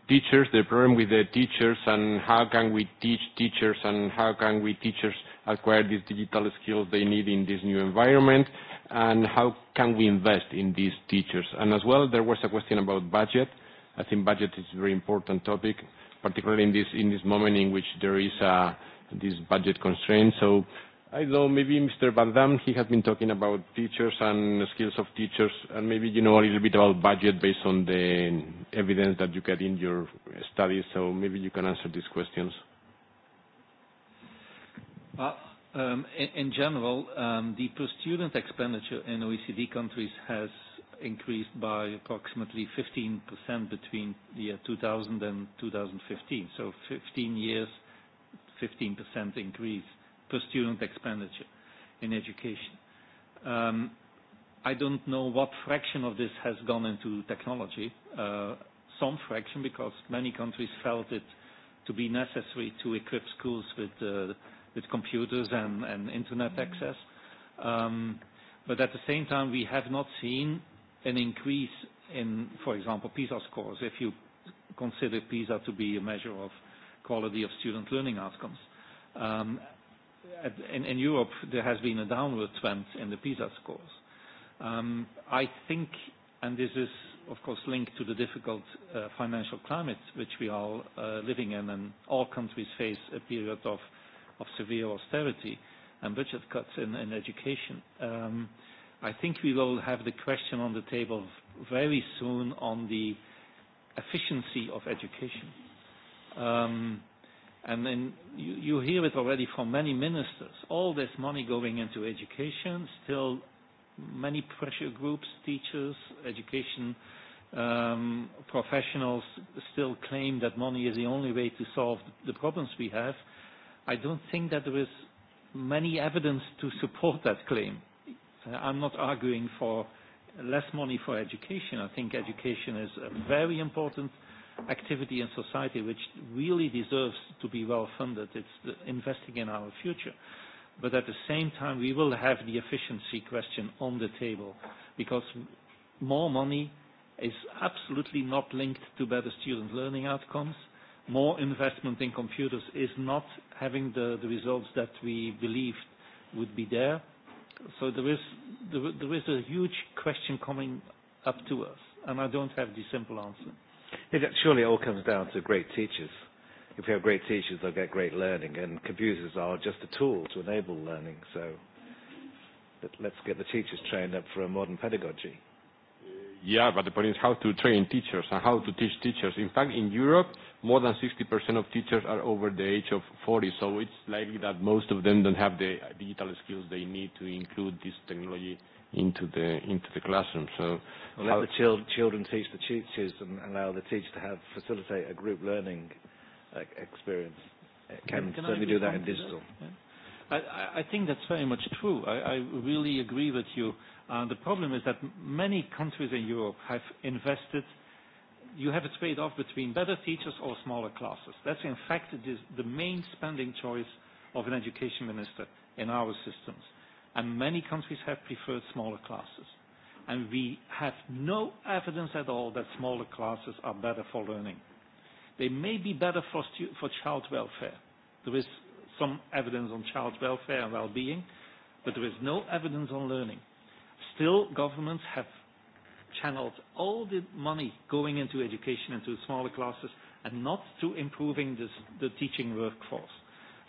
teachers, the problem with the teachers, and how can we teach teachers, and how can we teachers acquire these digital skills they need in this new environment, and how can we invest in these teachers? And as well, there was a question about budget. I think budget is a very important topic, particularly in this, in this moment in which there is uh, this budget constraint. So I know maybe Mr. Van Damme, he has been talking about teachers and skills of teachers, and maybe you know a little bit about budget based on the evidence that you get in your studies. So maybe you can answer these questions. Uh, um, in, in general, um, the per-student expenditure in OECD countries has increased by approximately 15% between the year 2000 and 2015. So 15 years, 15% increase per student expenditure in education. Um, I don't know what fraction of this has gone into technology. Uh, some fraction, because many countries felt it to be necessary to equip schools with uh, with computers and, and internet access. Um, but at the same time, we have not seen an increase in, for example, PISA scores, if you consider PISA to be a measure of quality of student learning outcomes. Um, at, in, in Europe, there has been a downward trend in the PISA scores. Um, I think, and this is of course linked to the difficult uh, financial climate which we are uh, living in, and all countries face a period of uh, of severe austerity and budget cuts in, in education. Um, I think we will have the question on the table very soon on the efficiency of education. Um, and then you, you hear it already from many ministers. All this money going into education, still many pressure groups, teachers, education um, professionals still claim that money is the only way to solve the problems we have. Uh, I don't think that there is many evidence to support that claim. Uh, I'm not arguing for less money for education. I think education is a very important activity in society which really deserves to be well funded. It's the investing in our future. But at the same time, we will have the efficiency question on the table because more money is absolutely not linked to better student learning outcomes more investment in computers is not having the results that we believed would be there. There is a huge question coming up to us, and I don't have the simple answer. Surely it all comes down to great teachers. If we have great teachers, they'll get great learning, and computers are just a tool to enable learning. Let's get the teachers trained up for a modern pedagogy. Yeah, the point is how to train teachers and how to teach teachers. In fact, in Europe, more than 60% of teachers are over the age of 40, so it's likely that most of them don't have the digital skills they need to include this technology into the into the classroom. So well, let the chil- children teach the teachers and allow the teacher to have facilitate a group learning uh, experience. It can, can certainly do that in digital. That? Yeah. I, I think that's very much true. I, I really agree with you. Uh, the problem is that many countries in Europe have invested – you have a trade-off between better teachers or smaller classes. That's in fact the main spending choice of an education minister in our systems. And many countries have preferred smaller classes. And we have no evidence at all that smaller classes are better for learning. They may be better for, stu- for child welfare. There is some evidence on child welfare and well-being, but there is no evidence on learning. Still, governments have channeled all the money going into education, into smaller classes, and not to improving this, the teaching workforce.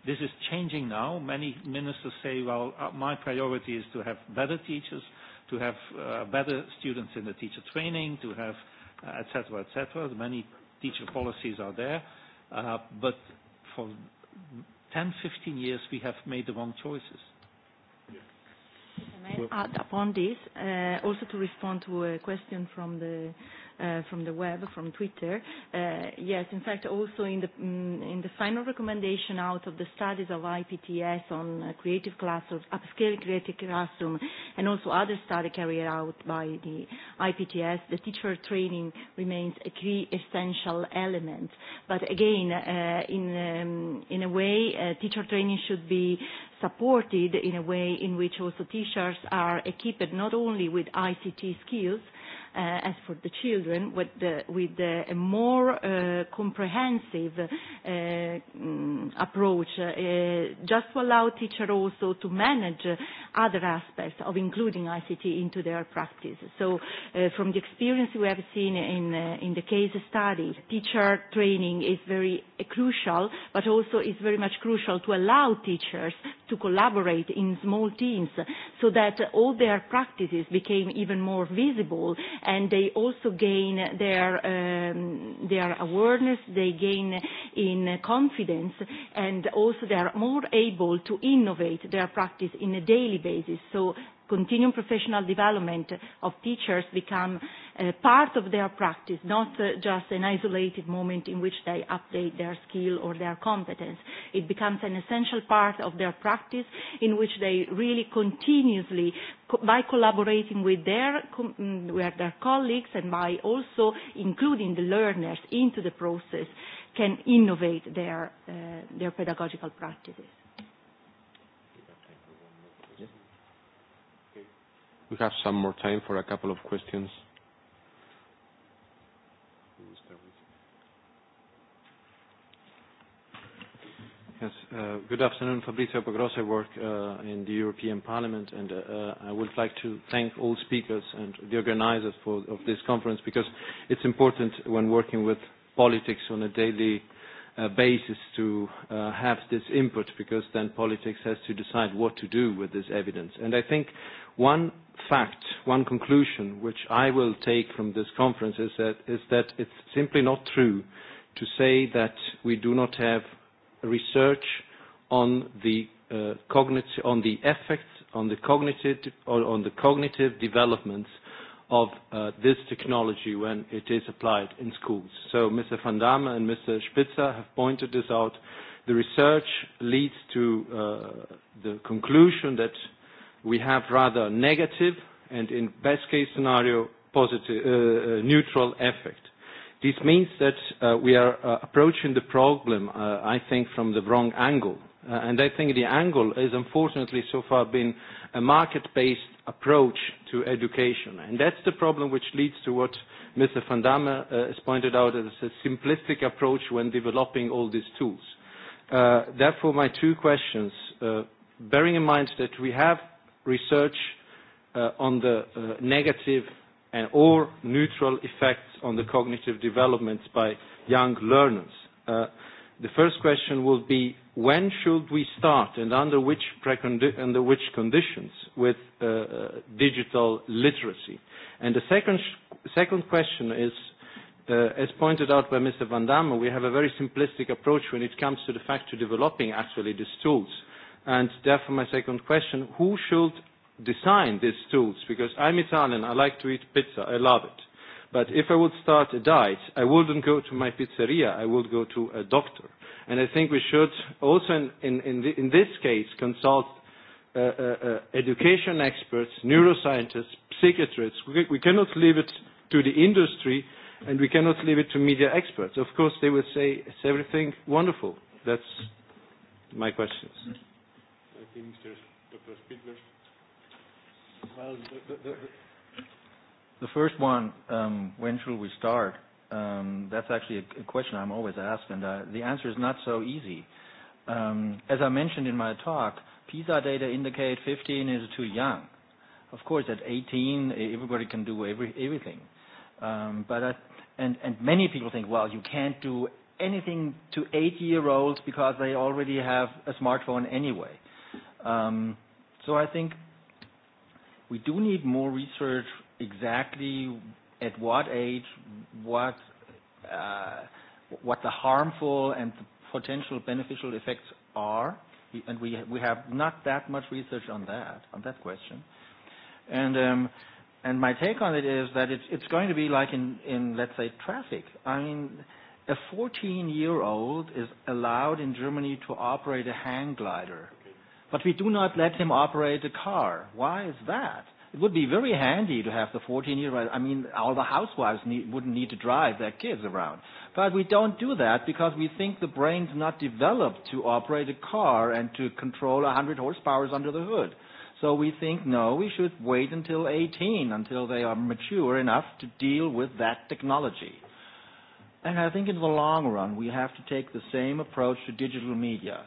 This is changing now. Many ministers say, well, uh, my priority is to have better teachers, to have uh, better students in the teacher training, to have uh, et cetera, et cetera. Many teacher policies are there. Uh, but for 10, 15 years, we have made the wrong choices may I add upon this, uh, also to respond to a question from the uh, from the web, from Twitter. Uh, yes, in fact, also in the, um, in the final recommendation out of the studies of IPTS on uh, creative classrooms, upscale creative classroom, and also other study carried out by the IPTS, the teacher training remains a key essential element. But again, uh, in, um, in a way, uh, teacher training should be supported in a way in which also teachers are equipped not only with ICT skills, uh, as for the children, with, the, with the, a more uh, comprehensive uh, um, approach, uh, just to allow teachers also to manage other aspects of including ICT into their practice. So uh, from the experience we have seen in, uh, in the case study, teacher training is very uh, crucial, but also is very much crucial to allow teachers to collaborate in small teams so that all their practices became even more visible and they also gain their, um, their awareness, they gain in confidence, and also they are more able to innovate their practice in a daily basis. So continuing professional development of teachers become uh, part of their practice, not uh, just an isolated moment in which they update their skill or their competence. It becomes an essential part of their practice in which they really continuously, co by collaborating with their, com mm, with their colleagues and by also including the learners into the process, can innovate their, uh, their pedagogical practices. We have some more time for a couple of questions. Yes. Uh, good afternoon. Fabrizio Pagrosso. I work uh, in the European Parliament, and uh, I would like to thank all speakers and the organizers of this conference because it's important when working with politics on a daily basis to have this input, because then politics has to decide what to do with this evidence. And I think One fact, one conclusion which I will take from this conference is that, is that it's simply not true to say that we do not have research on the, uh, cognitive, on the effects on the cognitive, or on the cognitive developments of uh, this technology when it is applied in schools. So Mr. Van Damme and Mr. Spitzer have pointed this out. The research leads to uh, the conclusion that we have rather negative and in best case scenario, positive, uh, uh, neutral effect. This means that uh, we are uh, approaching the problem, uh, I think, from the wrong angle. Uh, and I think the angle is unfortunately so far been a market-based approach to education. And that's the problem which leads to what Mr. Van Damme has pointed out as a simplistic approach when developing all these tools. Therefore, my two questions, bearing in mind that we have research uh, on the uh, negative and or neutral effects on the cognitive developments by young learners. Uh, the first question will be when should we start and under which, precondi- under which conditions with uh, uh, digital literacy? And the second, sh- second question is, uh, as pointed out by Mr. Van Damme, we have a very simplistic approach when it comes to the fact to developing actually these tools. Uh, And therefore, my second question, who should design these tools? Because I'm Italian, I like to eat pizza, I love it. But if I would start a diet, I wouldn't go to my pizzeria, I would go to a doctor. And I think we should also, in, in, in, the, in this case, consult uh, uh, uh, education experts, neuroscientists, psychiatrists. We, we cannot leave it to the industry and we cannot leave it to media experts. Of course, they will say, it's everything wonderful. That's my questions. Mm-hmm team, Mr. Dr. Spiegler? Well, the, the, the, the first one, um, when should we start? Um, that's actually a, a question I'm always asked, and uh, the answer is not so easy. Um, as I mentioned in my talk, PISA data indicate 15 is too young. Of course, at 18, e, everybody can do every, everything. Um, but I, and, and many people think, well, you can't do anything to eight-year-olds because they already have a smartphone anyway. Uh, Um, so I think we do need more research exactly at what age, what uh, what the harmful and the potential beneficial effects are, and we we have not that much research on that on that question. And um, and my take on it is that it's it's going to be like in in let's say traffic. I mean. A 14-year-old is allowed in Germany to operate a hang glider but we do not let him operate the car. Why is that? It would be very handy to have the 14-year-old. I mean, all the housewives need, wouldn't need to drive their kids around. But we don't do that because we think the brain's not developed to operate a car and to control 100 horsepowers under the hood. So we think, no, we should wait until 18, until they are mature enough to deal with that technology. And I think in the long run, we have to take the same approach to digital media.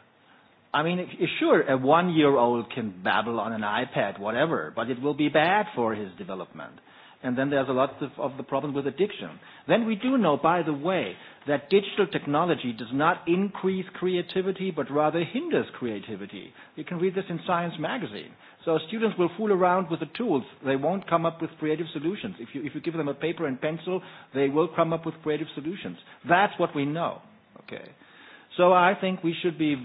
I mean, sure, a one-year-old can babble on an iPad, whatever, but it will be bad for his development. And then there's a lot of, of the problem with addiction. Then we do know, by the way, that digital technology does not increase creativity, but rather hinders creativity. You can read this in Science magazine. So students will fool around with the tools. They won't come up with creative solutions. If you, if you give them a paper and pencil, they will come up with creative solutions. That's what we know. Okay. So I think we should be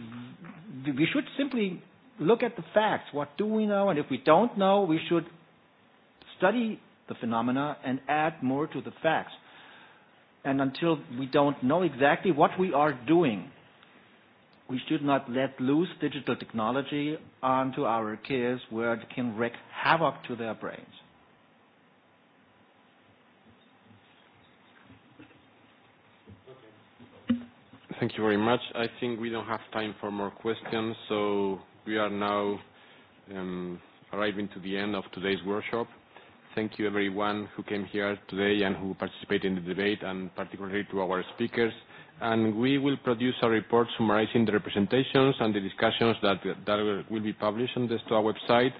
we should simply look at the facts. What do we know? And if we don't know, we should study the phenomena and add more to the facts. And until we don't know exactly what we are doing, we should not let loose digital technology onto our kids where it can wreak havoc to their brains. Thank you very much. I think we don't have time for more questions, so we are now um, arriving to the end of today's workshop. Thank you everyone who came here today and who participated in the debate, and particularly to our speakers. And we will produce a report summarizing the representations and the discussions that, that will be published on the STOA website.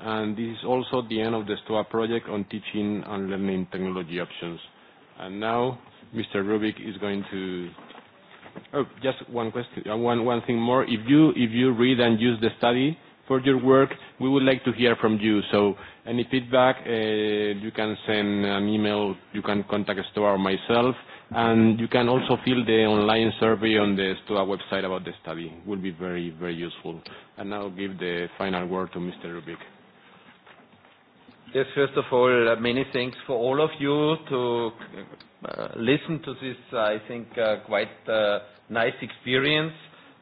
And this is also the end of the STOA project on teaching and learning technology options. And now, Mr. Rubik is going to Oh, just one question, uh, one, one thing more. If you, if you read and use the study for your work, we would like to hear from you. So any feedback, uh, you can send an email, you can contact Stoa or myself, and you can also fill the online survey on the Stoa website about the study. It will be very, very useful. And now give the final word to Mr. Rubik. Yes, first of all, uh, many thanks for all of you to uh, listen to this, uh, I think, uh, quite uh, nice experience.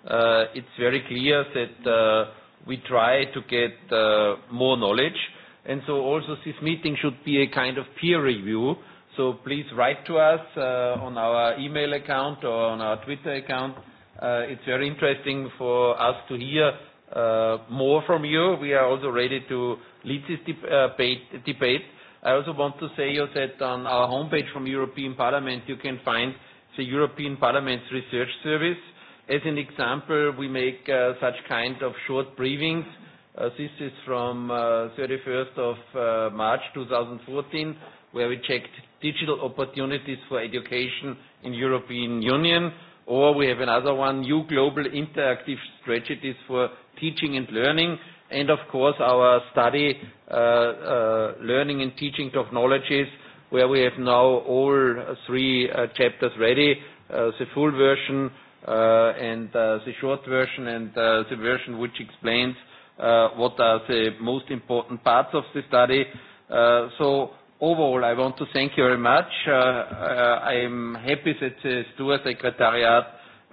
Uh, it's very clear that uh, we try to get uh, more knowledge. And so also this meeting should be a kind of peer review. So please write to us uh, on our email account or on our Twitter account. Uh, it's very interesting for us to hear uh, more from you. We are also ready to lead this deb uh, debate. debate. I also want to say that on our homepage from European Parliament, you can find the European Parliament's research service. As an example, we make uh, such kind of short briefings. Uh, this is from uh, 31st of uh, March 2014, where we checked digital opportunities for education in European Union. Or we have another one, new global interactive strategies for teaching and learning and of course our study uh, uh, learning and teaching technologies where we have now all three uh, chapters ready, uh, the full version uh, and uh, the short version and uh, the version which explains uh, what are the most important parts of the study. Uh, so overall, I want to thank you very much. Uh, uh, I'm happy that the STUA Secretariat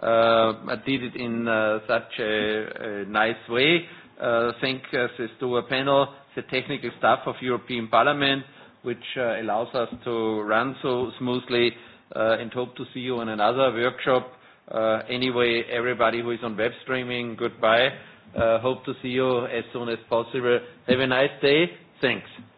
uh, did it in uh, such a, a nice way. Uh, uh, thank us uh, to a panel, the technical staff of European Parliament, which uh, allows us to run so smoothly, uh, and hope to see you in another workshop. Uh, anyway, everybody who is on web streaming, goodbye. Uh, hope to see you as soon as possible. Have a nice day. Thanks.